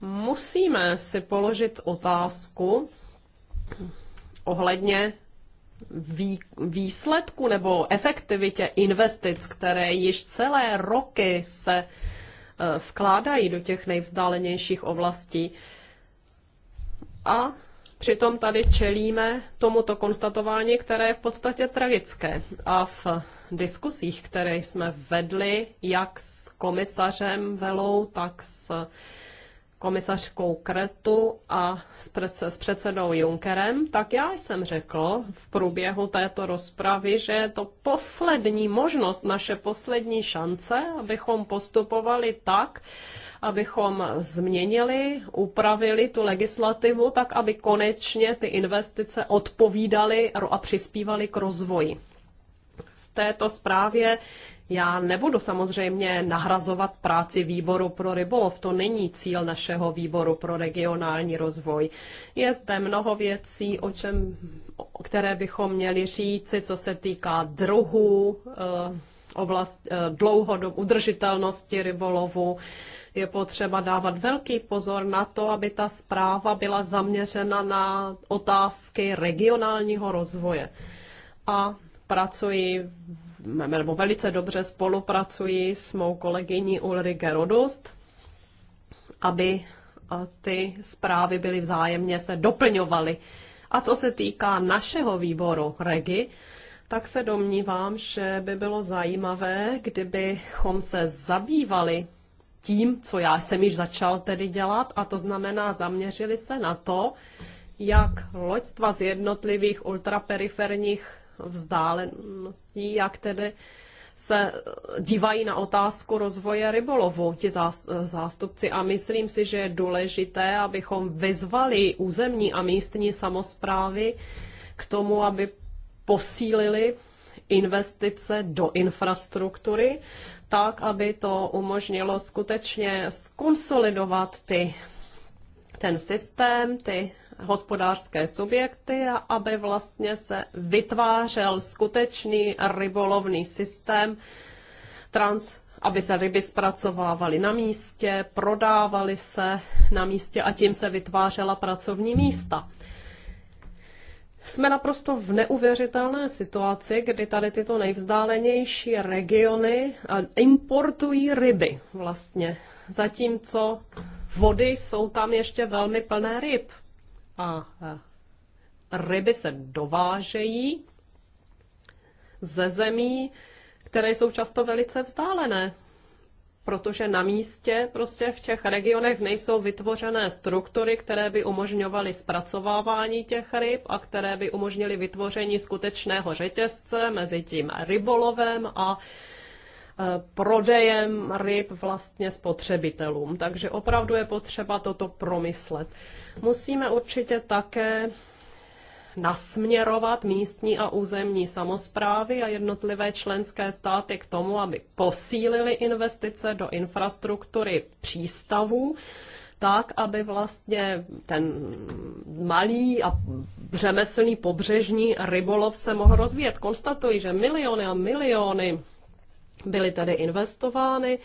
musíme si položit otázku ohledně výsledku nebo efektivitě investic, které již celé roky se e, vkládají do těch nejvzdálenějších oblastí. A přitom tady čelíme tomuto konstatování, které je v podstatě tragické. A v diskusích, které jsme vedli, jak s komisařem Velou, tak s komisařkou Kretu a s předsedou Junkerem, tak já jsem řekl v průběhu této rozpravy, že je to poslední možnost, naše poslední šance, abychom postupovali tak, abychom změnili, upravili tu legislativu tak, aby konečně ty investice odpovídaly a přispívaly k rozvoji v této zprávě já nebudu samozřejmě nahrazovat práci výboru pro rybolov, to není cíl našeho výboru pro regionální rozvoj. Je zde mnoho věcí, o čem, o které bychom měli říci, co se týká druhů, eh, oblast eh, dlouhodobé udržitelnosti rybolovu. Je potřeba dávat velký pozor na to, aby ta zpráva byla zaměřena na otázky regionálního rozvoje. A pracuji nebo velice dobře spolupracuji s mou kolegyní Ulrike Rodost, aby ty zprávy byly vzájemně se doplňovaly. A co se týká našeho výboru REGI, tak se domnívám, že by bylo zajímavé, kdybychom se zabývali tím, co já jsem již začal tedy dělat, a to znamená zaměřili se na to, jak loďstva z jednotlivých ultraperiferních vzdáleností, jak tedy se dívají na otázku rozvoje rybolovu ti zástupci a myslím si, že je důležité, abychom vyzvali územní a místní samozprávy k tomu, aby posílili investice do infrastruktury, tak, aby to umožnilo skutečně skonsolidovat ty, ten systém, ty hospodářské subjekty a aby vlastně se vytvářel skutečný rybolovný systém, trans, aby se ryby zpracovávaly na místě, prodávaly se na místě a tím se vytvářela pracovní místa. Jsme naprosto v neuvěřitelné situaci, kdy tady tyto nejvzdálenější regiony importují ryby vlastně, zatímco vody jsou tam ještě velmi plné ryb a e, ryby se dovážejí ze zemí, které jsou často velice vzdálené, protože na místě prostě v těch regionech nejsou vytvořené struktury, které by umožňovaly zpracovávání těch ryb a které by umožnily vytvoření skutečného řetězce mezi tím rybolovem a prodejem ryb vlastně spotřebitelům. Takže opravdu je potřeba toto promyslet. Musíme určitě také nasměrovat místní a územní samozprávy a jednotlivé členské státy k tomu, aby posílili investice do infrastruktury přístavů, tak, aby vlastně ten malý a řemeslný pobřežní rybolov se mohl rozvíjet. Konstatuji, že miliony a miliony Byly tedy investovány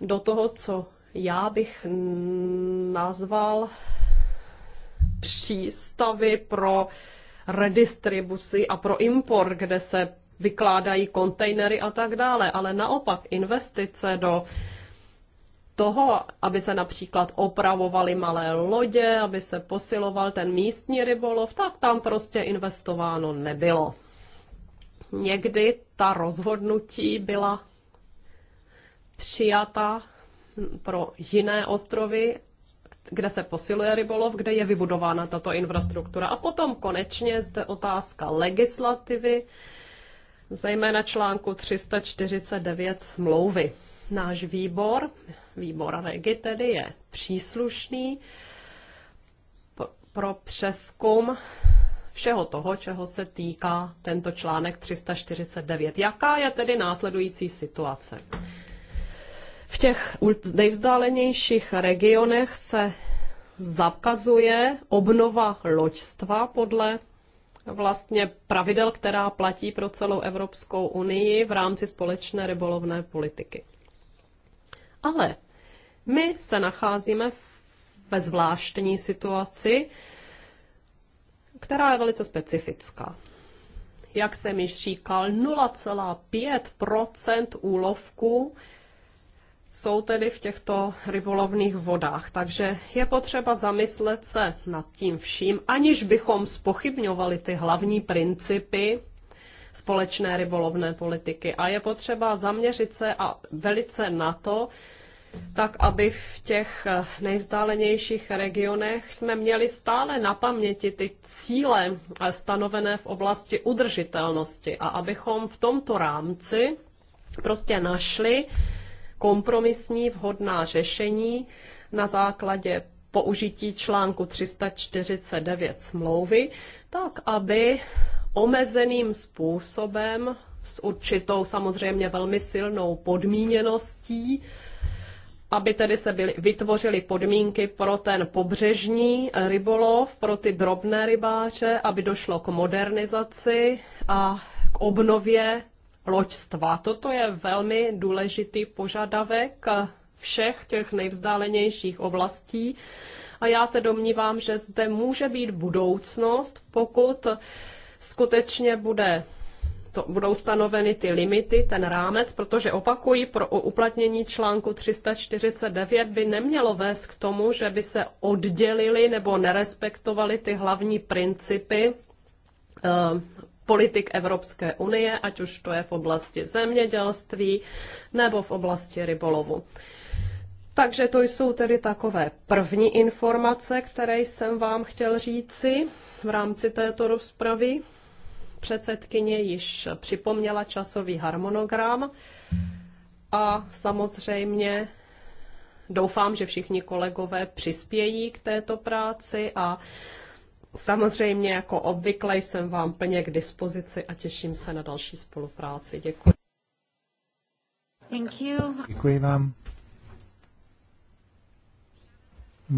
do toho, co já bych nazval přístavy pro redistribuci a pro import, kde se vykládají kontejnery a tak dále, ale naopak investice do toho, aby se například opravovaly malé lodě, aby se posiloval ten místní rybolov, tak tam prostě investováno nebylo. Někdy ta rozhodnutí byla přijata pro jiné ostrovy, kde se posiluje rybolov, kde je vybudována tato infrastruktura. A potom konečně zde otázka legislativy, zejména článku 349 smlouvy. Náš výbor, výbor Regi tedy, je příslušný pro přeskum všeho toho, čeho se týká tento článek 349. Jaká je tedy následující situace? V těch nejvzdálenějších regionech se zakazuje obnova loďstva podle vlastně pravidel, která platí pro celou Evropskou unii v rámci společné rybolovné politiky. Ale my se nacházíme ve zvláštní situaci, která je velice specifická. Jak jsem již říkal, 0,5 úlovků jsou tedy v těchto rybolovných vodách. Takže je potřeba zamyslet se nad tím vším, aniž bychom spochybňovali ty hlavní principy společné rybolovné politiky. A je potřeba zaměřit se a velice na to, tak aby v těch eh, nejvzdálenějších regionech jsme měli stále na paměti ty cíle eh, stanovené v oblasti udržitelnosti a abychom v tomto rámci prostě našli kompromisní vhodná řešení na základě použití článku 349 smlouvy, tak aby omezeným způsobem s určitou samozřejmě velmi silnou podmíněností aby tedy se byly, vytvořily podmínky pro ten pobřežní eh, rybolov, pro ty drobné rybáře, aby došlo k modernizaci a k obnově loďstva. Toto je velmi důležitý požadavek eh, všech těch nejvzdálenějších oblastí. A já se domnívám, že zde může být budoucnost, pokud skutečně bude to budou stanoveny ty limity, ten rámec, protože opakují, pro uplatnění článku 349 by nemělo vést k tomu, že by se oddělili nebo nerespektovali ty hlavní principy eh, politik Evropské unie, ať už to je v oblasti zemědělství nebo v oblasti rybolovu. Takže to jsou tedy takové první informace, které jsem vám chtěl říci v rámci této rozpravy předsedkyně již připomněla časový harmonogram a samozřejmě doufám, že všichni kolegové přispějí k této práci a samozřejmě jako obvykle jsem vám plně k dispozici a těším se na další spolupráci. Děkuji. Thank you. Děkuji vám.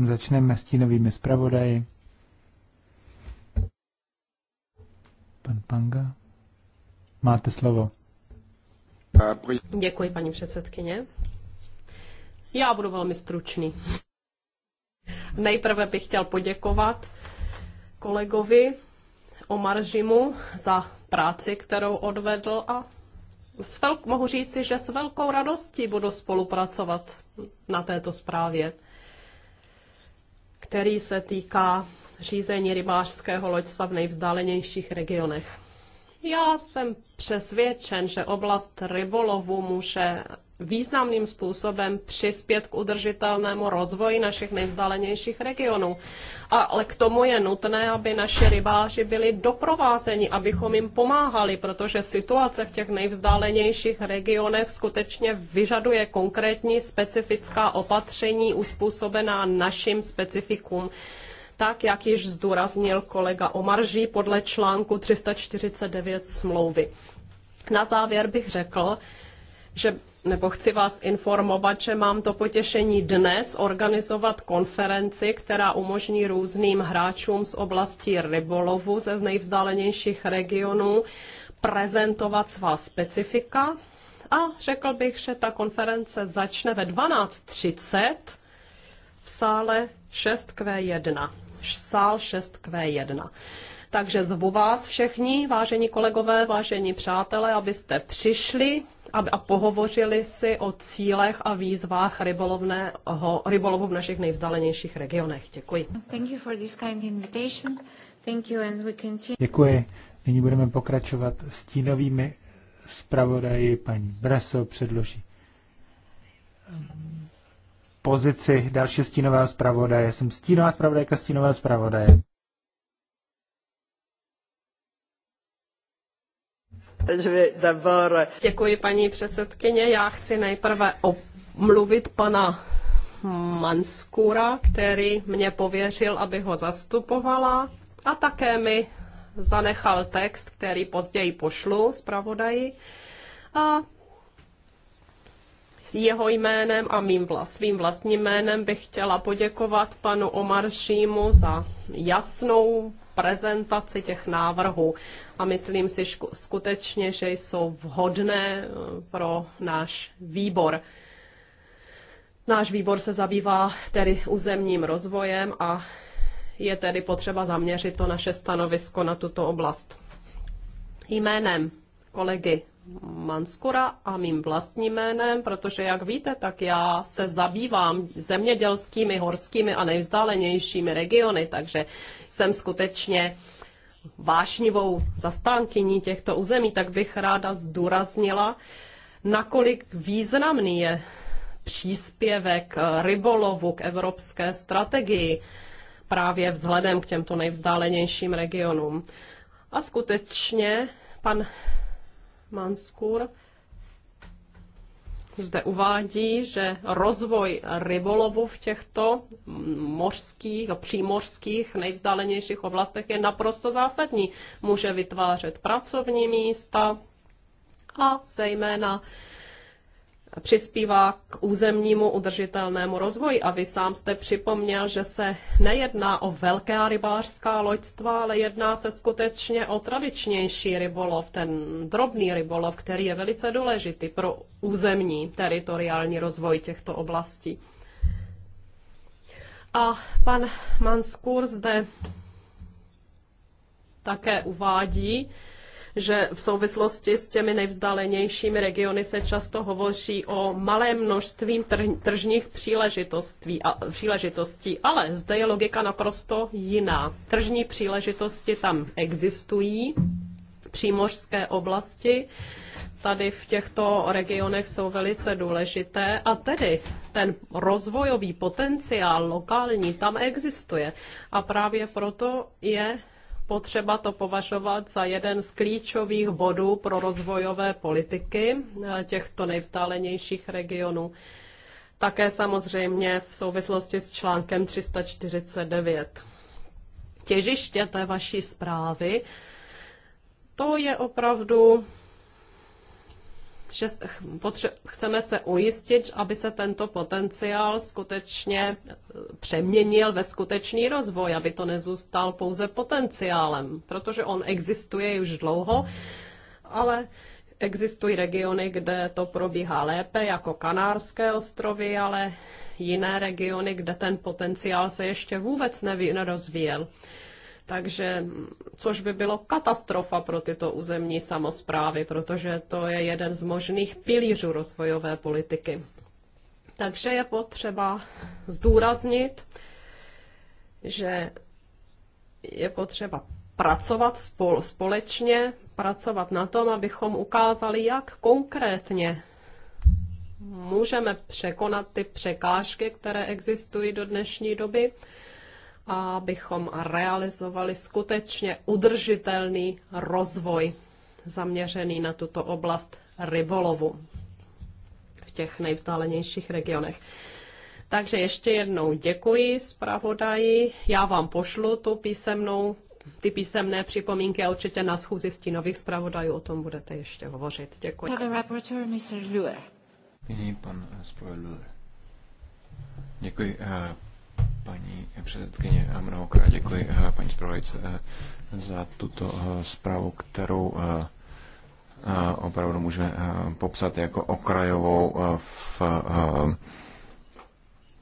Začneme s tím novými zpravodaji. Pan Panga, máte slovo. Děkuji, paní předsedkyně. Já budu velmi stručný. Nejprve bych chtěl poděkovat kolegovi Omar Žimu za práci, kterou odvedl a s mohu říci, že s velkou radostí budu spolupracovat na této zprávě, který se týká řízení rybářského loďstva v nejvzdálenějších regionech. Já jsem přesvědčen, že oblast rybolovu může významným způsobem přispět k udržitelnému rozvoji našich nejvzdálenějších regionů. Ale k tomu je nutné, aby naši rybáři byli doprovázeni, abychom jim pomáhali, protože situace v těch nejvzdálenějších regionech skutečně vyžaduje konkrétní specifická opatření uspůsobená našim specifikům tak jak již zdůraznil kolega Omarží podle článku 349 smlouvy. Na závěr bych řekl, že nebo chci vás informovat, že mám to potěšení dnes organizovat konferenci, která umožní různým hráčům z oblasti rybolovu ze z nejvzdálenějších regionů prezentovat svá specifika. A řekl bych, že ta konference začne ve 12.30 v sále 6Q1 sál 6Q1. Takže zvu vás všichni, vážení kolegové, vážení přátelé, abyste přišli a pohovořili si o cílech a výzvách rybolovného, rybolovu v našich nejvzdálenějších regionech. Děkuji. Thank you for this kind invitation. Thank you and we Děkuji. Nyní budeme pokračovat s tínovými zpravodaji. Paní Braso předloží pozici další stínového zpravodaje. Jsem stínová zpravodajka stínového zpravodaje. Děkuji, paní předsedkyně. Já chci nejprve omluvit pana Manskura, který mě pověřil, aby ho zastupovala a také mi zanechal text, který později pošlu zpravodaji. A s jeho jménem a mým vla, svým vlastním jménem bych chtěla poděkovat panu Omaršímu za jasnou prezentaci těch návrhů a myslím si skutečně, že jsou vhodné eh, pro náš výbor. Náš výbor se zabývá tedy územním rozvojem a je tedy potřeba zaměřit to naše stanovisko na tuto oblast. Jménem kolegy Manskura a mým vlastním jménem, protože jak víte, tak já se zabývám zemědělskými, horskými a nejvzdálenějšími regiony, takže jsem skutečně vášnivou zastánkyní těchto území, tak bych ráda zdůraznila, nakolik významný je příspěvek rybolovu k evropské strategii právě vzhledem k těmto nejvzdálenějším regionům. A skutečně pan Manskur zde uvádí, že rozvoj rybolovu v těchto mořských a přímořských nejvzdálenějších oblastech je naprosto zásadní. Může vytvářet pracovní místa a zejména přispívá k územnímu udržitelnému rozvoji. A vy sám jste připomněl, že se nejedná o velká rybářská loďstva, ale jedná se skutečně o tradičnější rybolov, ten drobný rybolov, který je velice důležitý pro územní teritoriální rozvoj těchto oblastí. A pan Manskur zde také uvádí, že v souvislosti s těmi nejvzdálenějšími regiony se často hovoří o malém množství tržních příležitostí, a, příležitostí, ale zde je logika naprosto jiná. Tržní příležitosti tam existují, přímořské oblasti, tady v těchto regionech jsou velice důležité a tedy ten rozvojový potenciál lokální tam existuje. A právě proto je potřeba to považovat za jeden z klíčových bodů pro rozvojové politiky eh, těchto nejvzdálenějších regionů. Také samozřejmě v souvislosti s článkem 349. Těžiště té vaší zprávy, to je opravdu že chceme se ujistit, aby se tento potenciál skutečně eh, přeměnil ve skutečný rozvoj, aby to nezůstal pouze potenciálem, protože on existuje už dlouho, ale existují regiony, kde to probíhá lépe, jako Kanárské ostrovy, ale jiné regiony, kde ten potenciál se ještě vůbec nevy, nerozvíjel takže což by bylo katastrofa pro tyto územní samozprávy, protože to je jeden z možných pilířů rozvojové politiky. Takže je potřeba zdůraznit, že je potřeba pracovat spol, společně, pracovat na tom, abychom ukázali, jak konkrétně můžeme překonat ty překážky, které existují do dnešní doby abychom realizovali skutečně udržitelný rozvoj zaměřený na tuto oblast rybolovu v těch nejvzdálenějších regionech. Takže ještě jednou děkuji zpravodaji. Já vám pošlu tu písemnou, ty písemné připomínky a určitě na schůzi nových zpravodajů o tom budete ještě hovořit. Děkuji. Nyní pan zpravodaj. Děkuji, eh, paní předsedkyně a eh, mnohokrát děkuji eh, paní zpravodajce eh, za tuto zprávu, kterou opravdu můžeme popsat jako okrajovou v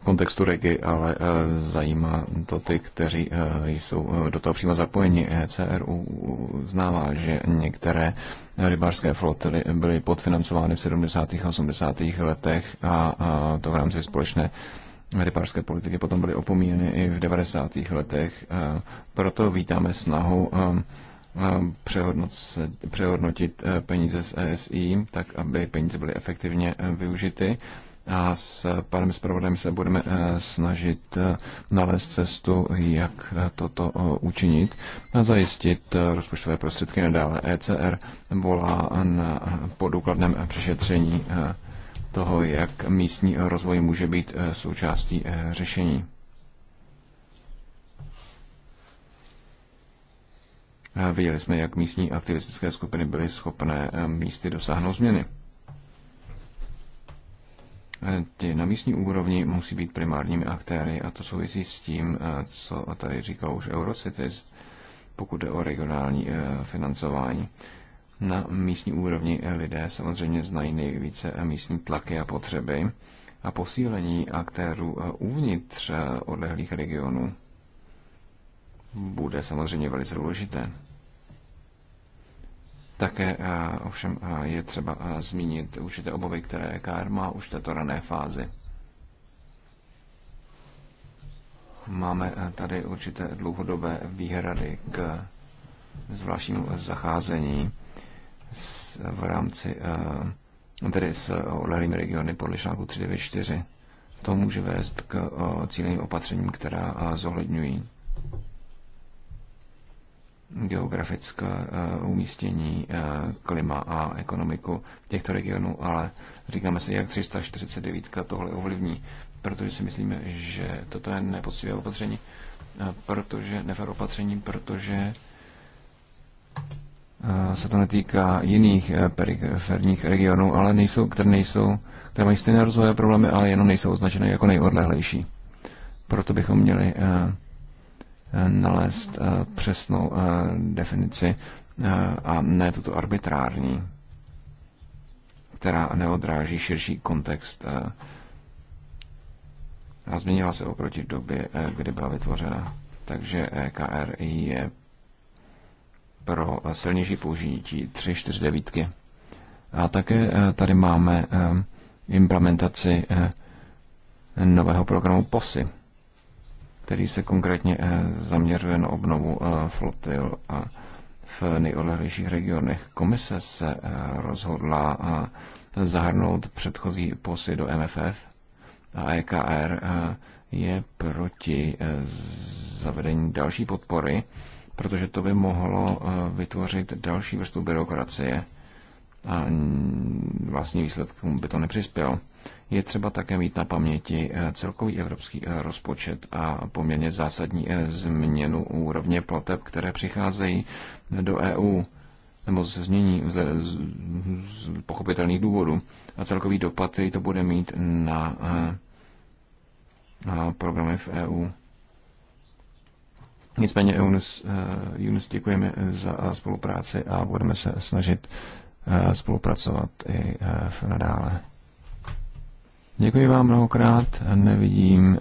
kontextu regi, ale zajímá to ty, kteří jsou do toho přímo zapojeni. E CRU znává, že některé rybářské flotily byly podfinancovány v 70. a 80. letech a to v rámci společné rybářské politiky potom byly opomíjeny i v 90. letech. Proto vítáme snahu přehodnotit e, peníze z ESI, tak aby peníze byly efektivně e, využity. A s panem zpravodajem se budeme e, snažit nalézt cestu, jak toto učinit a zajistit rozpočtové prostředky nadále. ECR volá na podůkladném přešetření toho, jak místní rozvoj může být eh, součástí eh, řešení. Viděli jsme, jak místní aktivistické skupiny byly schopné eh, místy dosáhnout změny. Ty na místní úrovni musí být primárními aktéry a to souvisí s tím, co tady říkal už Eurocities, pokud jde o regionální financování na místní úrovni lidé samozřejmě znají nejvíce místní tlaky a potřeby a posílení aktérů uvnitř odlehlých regionů bude samozřejmě velice důležité. Také eh, ovšem eh, je třeba eh, zmínit určité obavy, které KR má už v této rané fázi. Máme tady určité dlouhodobé výhrady k zvláštnímu zacházení s v rámci eh, tedy s odlehlými regiony podle článku 394. To může vést k eh, cíleným opatřením, která eh, zohledňují geografické umístění, klima a ekonomiku těchto regionů, ale říkáme si, jak 349 tohle ovlivní, protože si myslíme, že toto je nepoctivé opatření, protože nefer opatření, protože Eh, se to netýká jiných eh, periferních regionů, ale nejsou, které nejsou, které mají stejné rozvoje problémy, ale jenom nejsou označeny jako nejodlehlejší. Proto bychom měli eh, nalézt přesnou definici a ne tuto arbitrární, která neodráží širší kontext a změnila se oproti době, kdy byla vytvořena. Takže e KR je pro silnější použití 349. A také eh, tady máme eh, implementaci eh, nového programu POSY, který se konkrétně zaměřuje na obnovu flotil a v nejodlehlejších regionech. Komise se rozhodla zahrnout předchozí POSY do MFF a EKR je proti zavedení další podpory protože to by mohlo eh, vytvořit další vrstvu byrokracie a vlastní výsledkům by to nepřispělo. Je třeba také mít na paměti eh, celkový evropský eh, rozpočet a poměrně zásadní změnu úrovně plateb, které přicházejí do EU nebo se změní z, z, z pochopitelných důvodů. A celkový dopad, který to bude mít na, na programy v EU. Nicméně Eunus, eh, Eunus děkujeme eh, za eh, spolupráci a budeme se snažit spolupracovat i nadále. Děkuji vám mnohokrát. Nevidím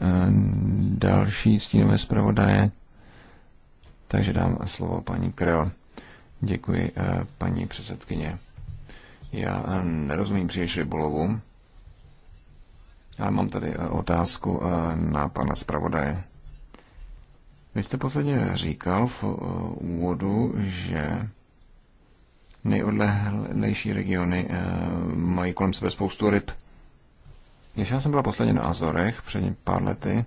další stínové zpravodaje, takže dám slovo paní Kreo. Děkuji, paní předsedkyně. Já nerozumím příliš rybolovu, ale mám tady otázku na pana zpravodaje. Vy jste posledně říkal v eh, úvodu, že nejodlehlejší regiony eh, mají kolem sebe spoustu ryb. Když já jsem byla posledně na Azorech před pár lety,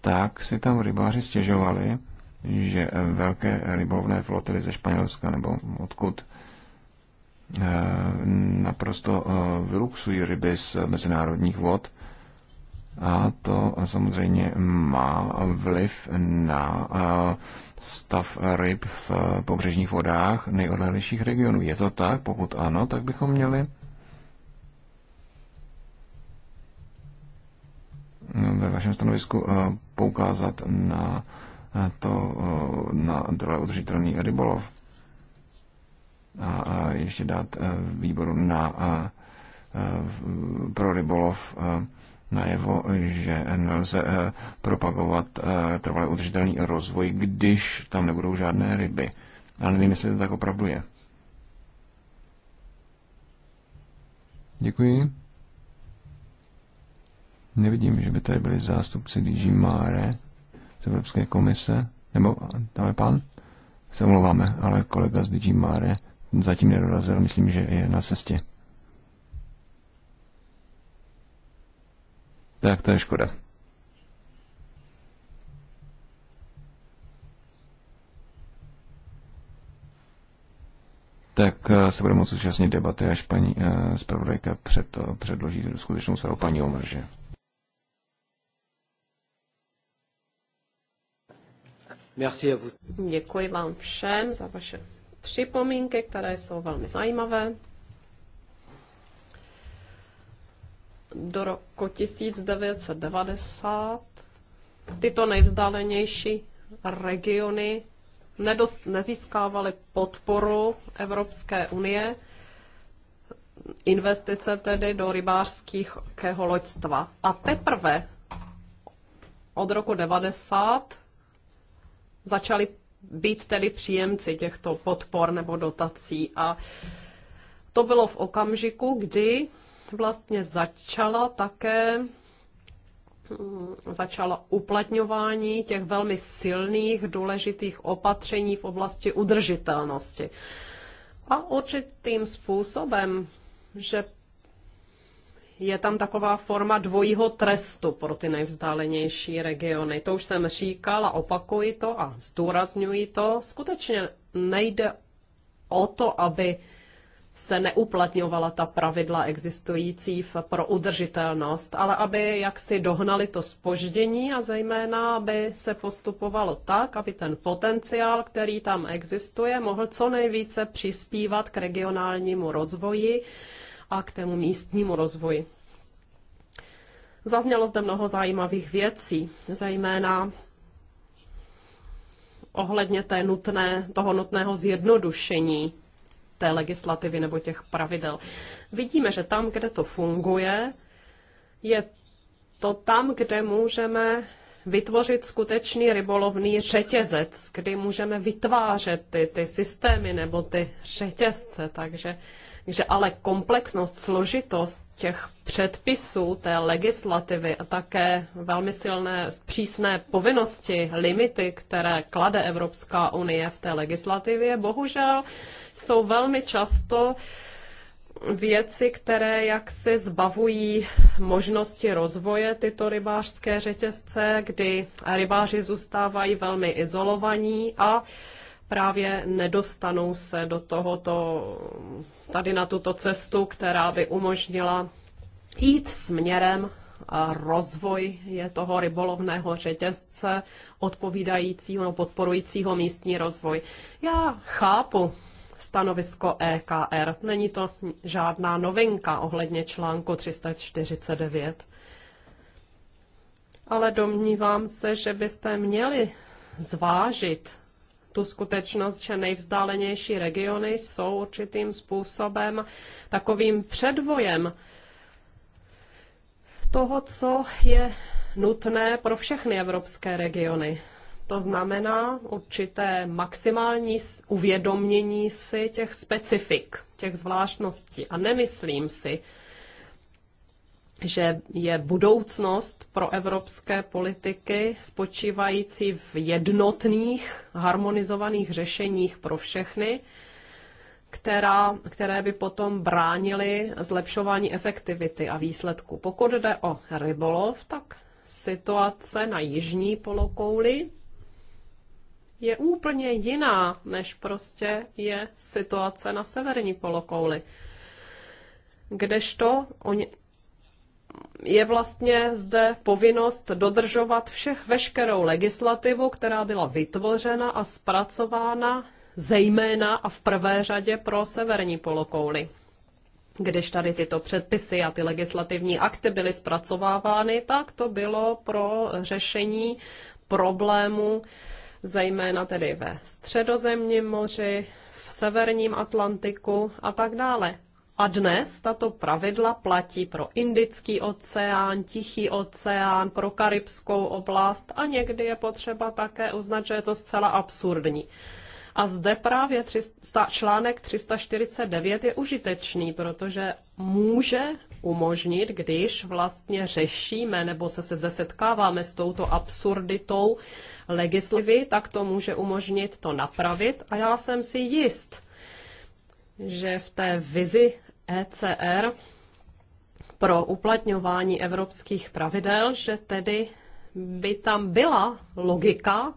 tak si tam rybáři stěžovali, že eh, velké rybolovné flotily ze Španělska nebo odkud naprosto vyluxují ryby z mezinárodních vod a to samozřejmě má vliv na stav ryb v pobřežních vodách nejodlehlejších regionů. Je to tak? Pokud ano, tak bychom měli ve vašem stanovisku poukázat na to, na druhé udržitelný rybolov a ještě dát výboru na pro rybolov najevo, že nelze eh, propagovat eh, trvalý udržitelný rozvoj, když tam nebudou žádné ryby. Ale nevím, jestli to tak opravdu je. Děkuji. Nevidím, že by tady byli zástupci DG Mare z Evropské komise. Nebo tam je pan? Se omlouváme, ale kolega z DG Mare zatím nedorazil. Myslím, že je na cestě. Tak to je škoda. tak eh, se bude moct zúčastnit debaty, až paní eh, zpravodajka před, eh, předloží skutečnou svého paní Omrže. Děkuji vám všem za vaše připomínky, které jsou velmi zajímavé. do roku 1990 tyto nejvzdálenější regiony nedost, nezískávaly podporu Evropské unie, investice tedy do rybářských loďstva. A teprve od roku 90 začaly být tedy příjemci těchto podpor nebo dotací. A to bylo v okamžiku, kdy vlastně začala také mm, začala uplatňování těch velmi silných, důležitých opatření v oblasti udržitelnosti. A určitým způsobem, že je tam taková forma dvojího trestu pro ty nejvzdálenější regiony. To už jsem říkala, opakuji to a zdůrazňuji to. Skutečně nejde o to, aby se neuplatňovala ta pravidla existující v, pro udržitelnost, ale aby jaksi dohnali to spoždění a zejména, aby se postupovalo tak, aby ten potenciál, který tam existuje, mohl co nejvíce přispívat k regionálnímu rozvoji a k tomu místnímu rozvoji. Zaznělo zde mnoho zajímavých věcí, zejména ohledně té nutné, toho nutného zjednodušení té legislativy nebo těch pravidel. Vidíme, že tam, kde to funguje, je to tam, kde můžeme vytvořit skutečný rybolovný řetězec, kdy můžeme vytvářet ty, ty systémy nebo ty řetězce. Takže takže ale komplexnost, složitost těch předpisů té legislativy a také velmi silné přísné povinnosti, limity, které klade Evropská unie v té legislativě, bohužel jsou velmi často věci, které jaksi zbavují možnosti rozvoje tyto rybářské řetězce, kdy rybáři zůstávají velmi izolovaní a právě nedostanou se do tohoto, tady na tuto cestu, která by umožnila jít směrem rozvoj je toho rybolovného řetězce odpovídajícího, no, podporujícího místní rozvoj. Já chápu stanovisko EKR. Není to žádná novinka ohledně článku 349. Ale domnívám se, že byste měli zvážit tu skutečnost, že nejvzdálenější regiony jsou určitým způsobem takovým předvojem toho, co je nutné pro všechny evropské regiony. To znamená určité maximální uvědomění si těch specifik, těch zvláštností. A nemyslím si, že je budoucnost pro evropské politiky spočívající v jednotných, harmonizovaných řešeních pro všechny, která, které by potom bránily zlepšování efektivity a výsledku. Pokud jde o rybolov, tak situace na jižní polokouli je úplně jiná, než prostě je situace na severní polokouli. Kdežto oni, je vlastně zde povinnost dodržovat všech veškerou legislativu, která byla vytvořena a zpracována zejména a v prvé řadě pro severní polokouli. Když tady tyto předpisy a ty legislativní akty byly zpracovávány, tak to bylo pro řešení problému zejména tedy ve středozemním moři, v severním Atlantiku a tak dále. A dnes tato pravidla platí pro Indický oceán, Tichý oceán, pro Karibskou oblast a někdy je potřeba také uznat, že je to zcela absurdní. A zde právě 300, článek 349 je užitečný, protože může umožnit, když vlastně řešíme nebo se, se zde setkáváme s touto absurditou legislativy, tak to může umožnit to napravit. A já jsem si jist, že v té vizi ECR pro uplatňování evropských pravidel, že tedy by tam byla logika,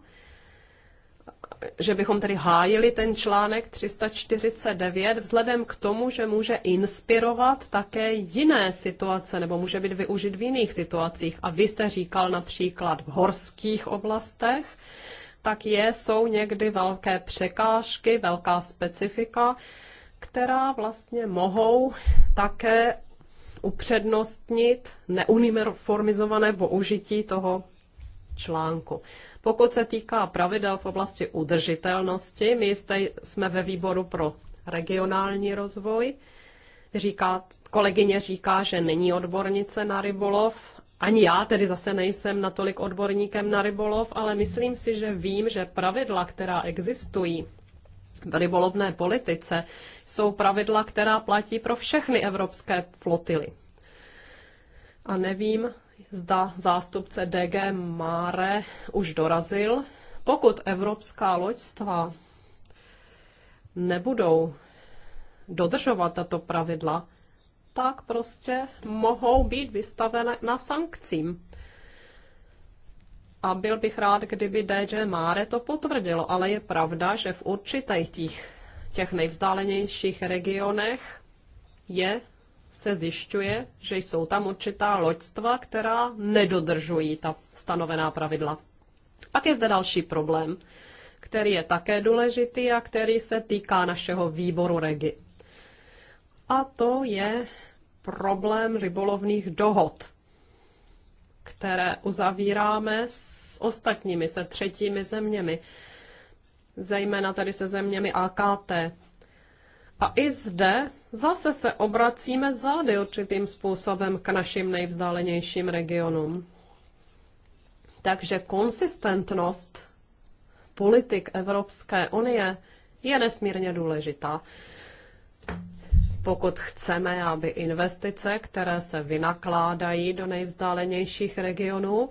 že bychom tedy hájili ten článek 349 vzhledem k tomu, že může inspirovat také jiné situace nebo může být využit v jiných situacích. A vy jste říkal například v horských oblastech, tak je, jsou někdy velké překážky, velká specifika, která vlastně mohou také upřednostnit neuniformizované použití toho článku. Pokud se týká pravidel v oblasti udržitelnosti, my jste, jsme ve výboru pro regionální rozvoj. Říká, kolegyně říká, že není odbornice na rybolov. Ani já tedy zase nejsem natolik odborníkem na rybolov, ale myslím si, že vím, že pravidla, která existují rybolovné politice jsou pravidla, která platí pro všechny evropské flotily. A nevím, zda zástupce DG Mare už dorazil. Pokud evropská loďstva nebudou dodržovat tato pravidla, tak prostě mohou být vystavené na sankcím a byl bych rád, kdyby DJ Mare to potvrdilo, ale je pravda, že v určitých těch, těch nejvzdálenějších regionech je se zjišťuje, že jsou tam určitá loďstva, která nedodržují ta stanovená pravidla. Pak je zde další problém, který je také důležitý a který se týká našeho výboru regi. A to je problém rybolovných dohod které uzavíráme s ostatními, se třetími zeměmi, zejména tady se zeměmi AKT. A i zde zase se obracíme zády určitým způsobem k našim nejvzdálenějším regionům. Takže konsistentnost politik Evropské unie je nesmírně důležitá pokud chceme, aby investice, které se vynakládají do nejvzdálenějších regionů,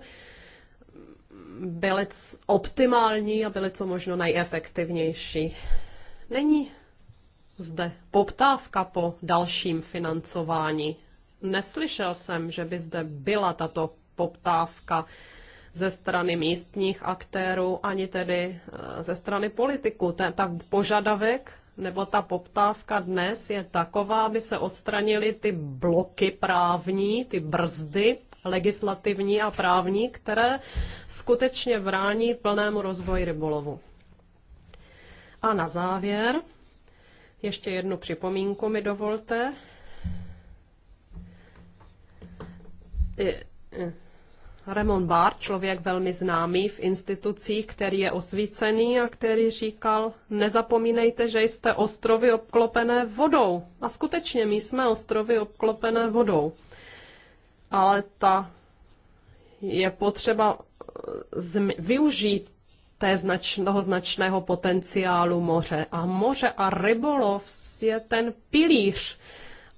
byly optimální a byly co možno nejefektivnější. Není zde poptávka po dalším financování. Neslyšel jsem, že by zde byla tato poptávka ze strany místních aktérů, ani tedy eh, ze strany politiků. Ten, ten požadavek nebo ta poptávka dnes je taková, aby se odstranily ty bloky právní, ty brzdy legislativní a právní, které skutečně brání plnému rozvoji rybolovu. A na závěr ještě jednu připomínku mi dovolte. Ramon Barr, člověk velmi známý v institucích, který je osvícený a který říkal, nezapomínejte, že jste ostrovy obklopené vodou. A skutečně my jsme ostrovy obklopené vodou. Ale ta je potřeba eh, využít té znač- toho značného potenciálu moře. A moře a rybolov je ten pilíř,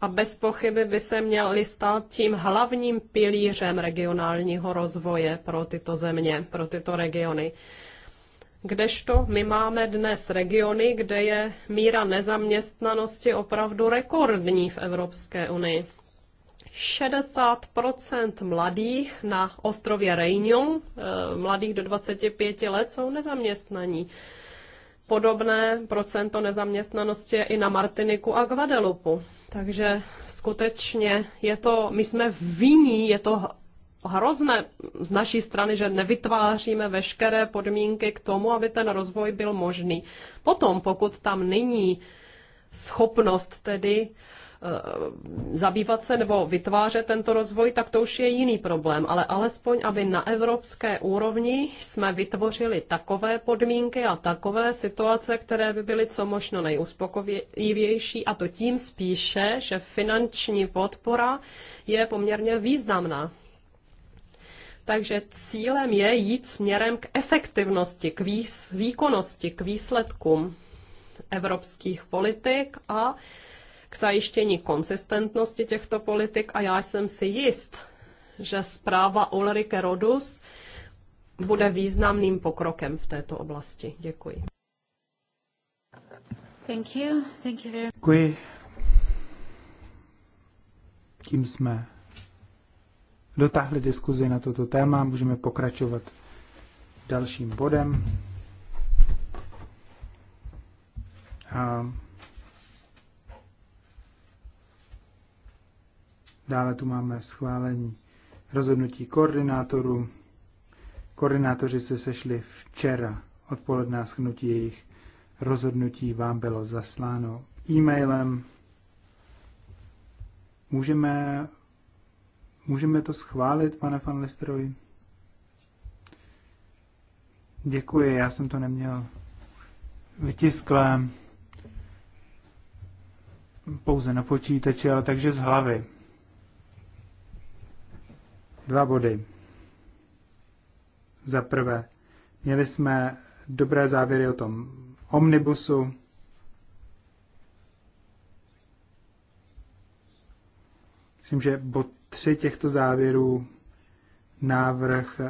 a bez pochyby by se měly stát tím hlavním pilířem regionálního rozvoje pro tyto země, pro tyto regiony. Kdežto my máme dnes regiony, kde je míra nezaměstnanosti opravdu rekordní v Evropské unii. 60 mladých na ostrově Reunion, eh, mladých do 25 let, jsou nezaměstnaní podobné procento nezaměstnanosti je i na Martiniku a Guadeloupu. Takže skutečně je to, my jsme viní, je to hrozné z naší strany, že nevytváříme veškeré podmínky k tomu, aby ten rozvoj byl možný. Potom, pokud tam není schopnost tedy uh, Eh, zabývat se nebo vytvářet tento rozvoj, tak to už je jiný problém. Ale alespoň, aby na evropské úrovni jsme vytvořili takové podmínky a takové situace, které by byly co možno nejuspokojivější a to tím spíše, že finanční podpora je poměrně významná. Takže cílem je jít směrem k efektivnosti, k výkonnosti, k výsledkům evropských politik a zajištění konsistentnosti těchto politik a já jsem si jist, že zpráva Ulrike Rodus bude významným pokrokem v této oblasti. Děkuji. Thank you. Thank you very... Děkuji. Tím jsme dotáhli diskuzi na toto téma. Můžeme pokračovat dalším bodem. A Dále tu máme schválení rozhodnutí koordinátorů. Koordinátoři se sešli včera odpoledná schnutí jejich rozhodnutí vám bylo zasláno e-mailem. Můžeme, můžeme to schválit, pane van Listerovi? Děkuji, já jsem to neměl vytisklé pouze na počítači, ale takže z hlavy dva body. Za prvé, měli jsme dobré závěry o tom omnibusu. Myslím, že bod tři těchto závěrů návrh,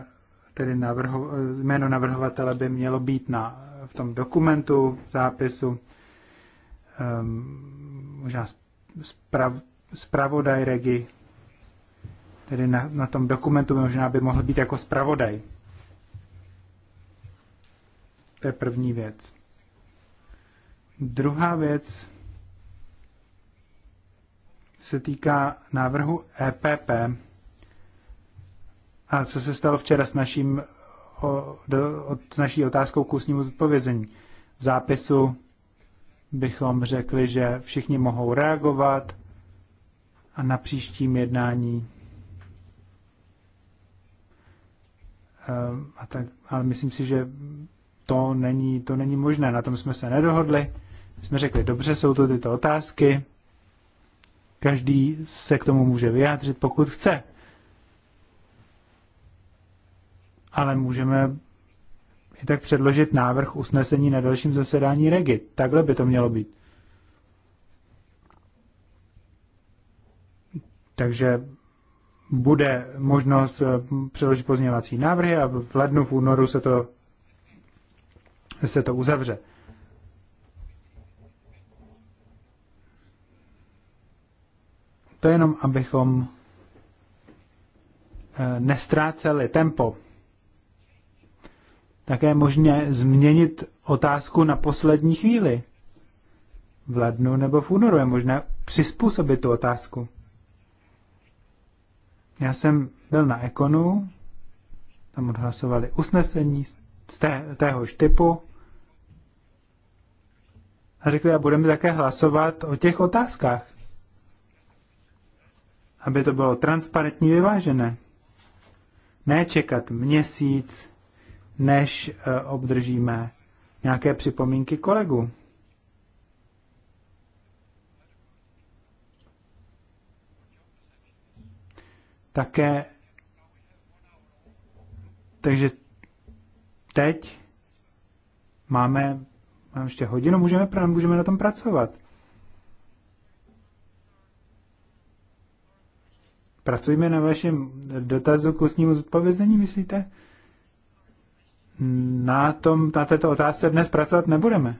tedy navrho, jméno navrhovatele by mělo být na, v tom dokumentu, v zápisu. Um, možná sprav, zpravodaj regi tedy na, na tom dokumentu možná by mohl být jako zpravodaj. To je první věc. Druhá věc se týká návrhu EPP. A co se stalo včera s, naším, o, do, od naší otázkou k ústnímu zodpovězení? V zápisu bychom řekli, že všichni mohou reagovat a na příštím jednání Eh, a tak, ale myslím si, že to není, to není možné, na tom jsme se nedohodli. Jsme řekli, dobře, jsou to tyto otázky, každý se k tomu může vyjádřit, pokud chce. Ale můžeme i tak předložit návrh usnesení na dalším zasedání REGI. Takhle by to mělo být. Takže bude možnost eh, přeložit pozměňovací návrhy a v lednu, v únoru se to, se to uzavře. To jenom, abychom eh, nestráceli tempo. Také možné změnit otázku na poslední chvíli. V lednu nebo v únoru je možné přizpůsobit tu otázku. Já jsem byl na Ekonu, tam odhlasovali usnesení z té, téhož typu a řekli, a budeme také hlasovat o těch otázkách, aby to bylo transparentní vyvážené. Nečekat měsíc, než eh, obdržíme nějaké připomínky kolegů. Také, takže teď máme, máme ještě hodinu, můžeme, můžeme na tom pracovat. Pracujeme na vašem dotazu k ústnímu zodpovězení, myslíte? Na, tom, na této otázce dnes pracovat nebudeme.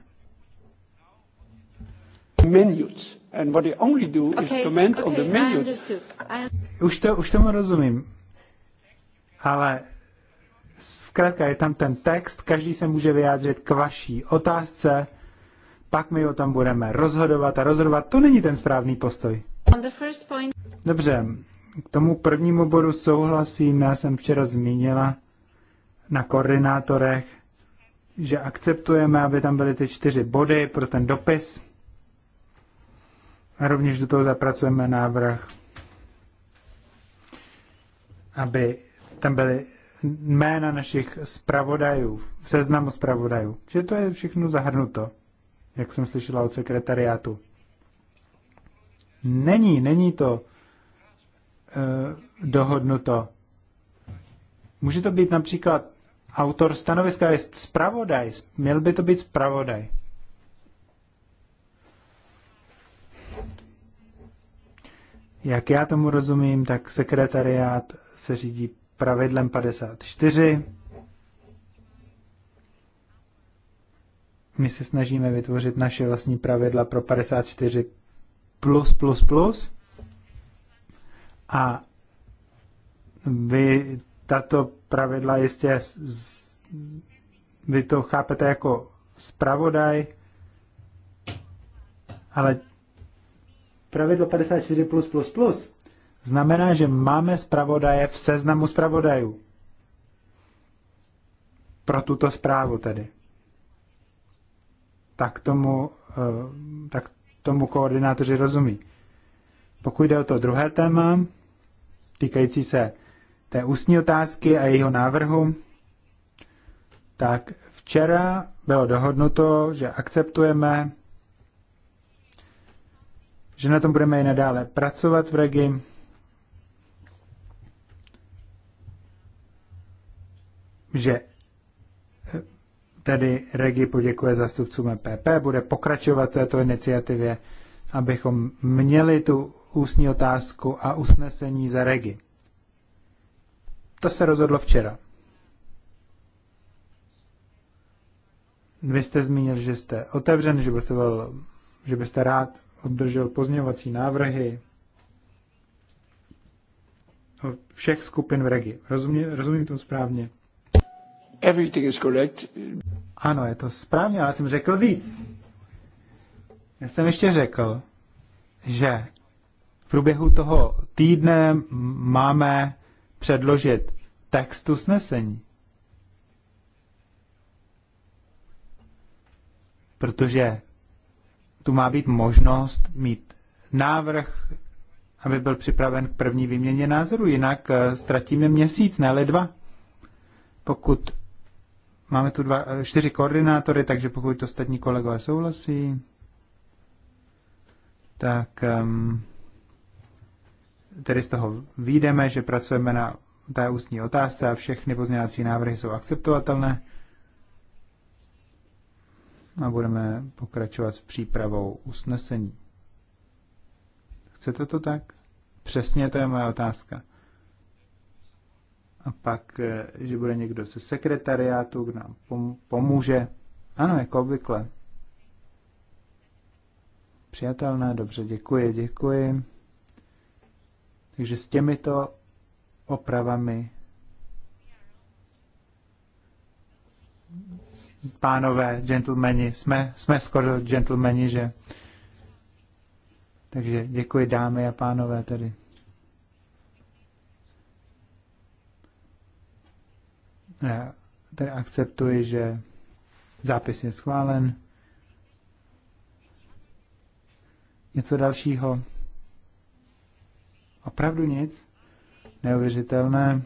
Minutes. And what they only do okay, is comment okay, on the menu. I... Už, to, už tomu rozumím. Ale zkrátka je tam ten text, každý se může vyjádřit k vaší otázce, pak my o tom budeme rozhodovat a rozhodovat. To není ten správný postoj. Point... Dobře, k tomu prvnímu bodu souhlasím. Já jsem včera zmínila na koordinátorech, že akceptujeme, aby tam byly ty čtyři body pro ten dopis. A rovněž do toho zapracujeme návrh, aby tam byly jména našich zpravodajů, seznamu zpravodajů. Že to je všechno zahrnuto, jak jsem slyšela od sekretariátu. Není, není to uh, dohodnuto. Může to být například autor stanoviska, je zpravodaj, měl by to být zpravodaj. Jak já tomu rozumím, tak sekretariát se řídí pravidlem 54. My se snažíme vytvořit naše vlastní pravidla pro 54 plus plus plus a vy tato pravidla jistě z, vy to chápete jako spravodaj, ale pravidlo 54 znamená, že máme zpravodaje v seznamu zpravodajů. Pro tuto zprávu tedy. Tak tomu, eh, tak tomu koordinátoři rozumí. Pokud jde o to druhé téma, týkající se té ústní otázky a jejího návrhu, tak včera bylo dohodnuto, že akceptujeme že na tom budeme i nadále pracovat v regi. Že eh, tedy Regi poděkuje zastupcům EPP, bude pokračovat této iniciativě, abychom měli tu ústní otázku a usnesení za Regi. To se rozhodlo včera. Vy jste zmínil, že jste otevřen, že byste, byl, že byste rád obdržel pozněvací návrhy všech skupin v regi. Rozumí, rozumím tomu správně? Everything is correct. Ano, je to správně, ale jsem řekl víc. Já jsem ještě řekl, že v průběhu toho týdne máme předložit text usnesení. Protože tu má být možnost mít návrh, aby byl připraven k první výměně názoru, jinak eh, ztratíme měsíc, ne dva. Pokud máme tu dva, eh, čtyři koordinátory, takže pokud to ostatní kolegové souhlasí, tak um, tedy z toho výjdeme, že pracujeme na té ústní otázce a všechny pozměňovací návrhy jsou akceptovatelné a budeme pokračovat s přípravou usnesení. Chcete to tak? Přesně to je moje otázka. A pak, eh, že bude někdo ze sekretariátu, kdo nám pomůže. Ano, jako obvykle. Přijatelné, dobře, děkuji, děkuji. Takže s těmito opravami pánové, gentlemani, jsme, jsme skoro gentlemani, že? Takže děkuji dámy a pánové tedy. Já tady akceptuji, že zápis je schválen. Něco dalšího? Opravdu nic? Neuvěřitelné.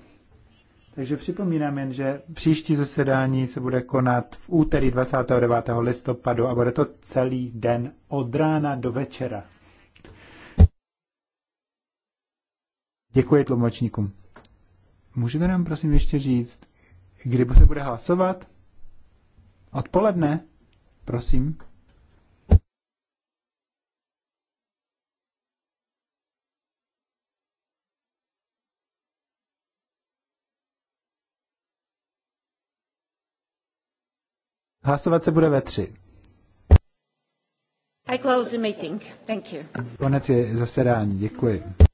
Takže připomínám jen, že příští zasedání se bude konat v úterý 29. listopadu a bude to celý den od rána do večera. Děkuji tlumočníkům. Můžete nám prosím ještě říct, kdy se bude hlasovat? Odpoledne? Prosím. Hlasovat se bude ve tři. I close the meeting. Thank you. Konec je zasedání. Děkuji.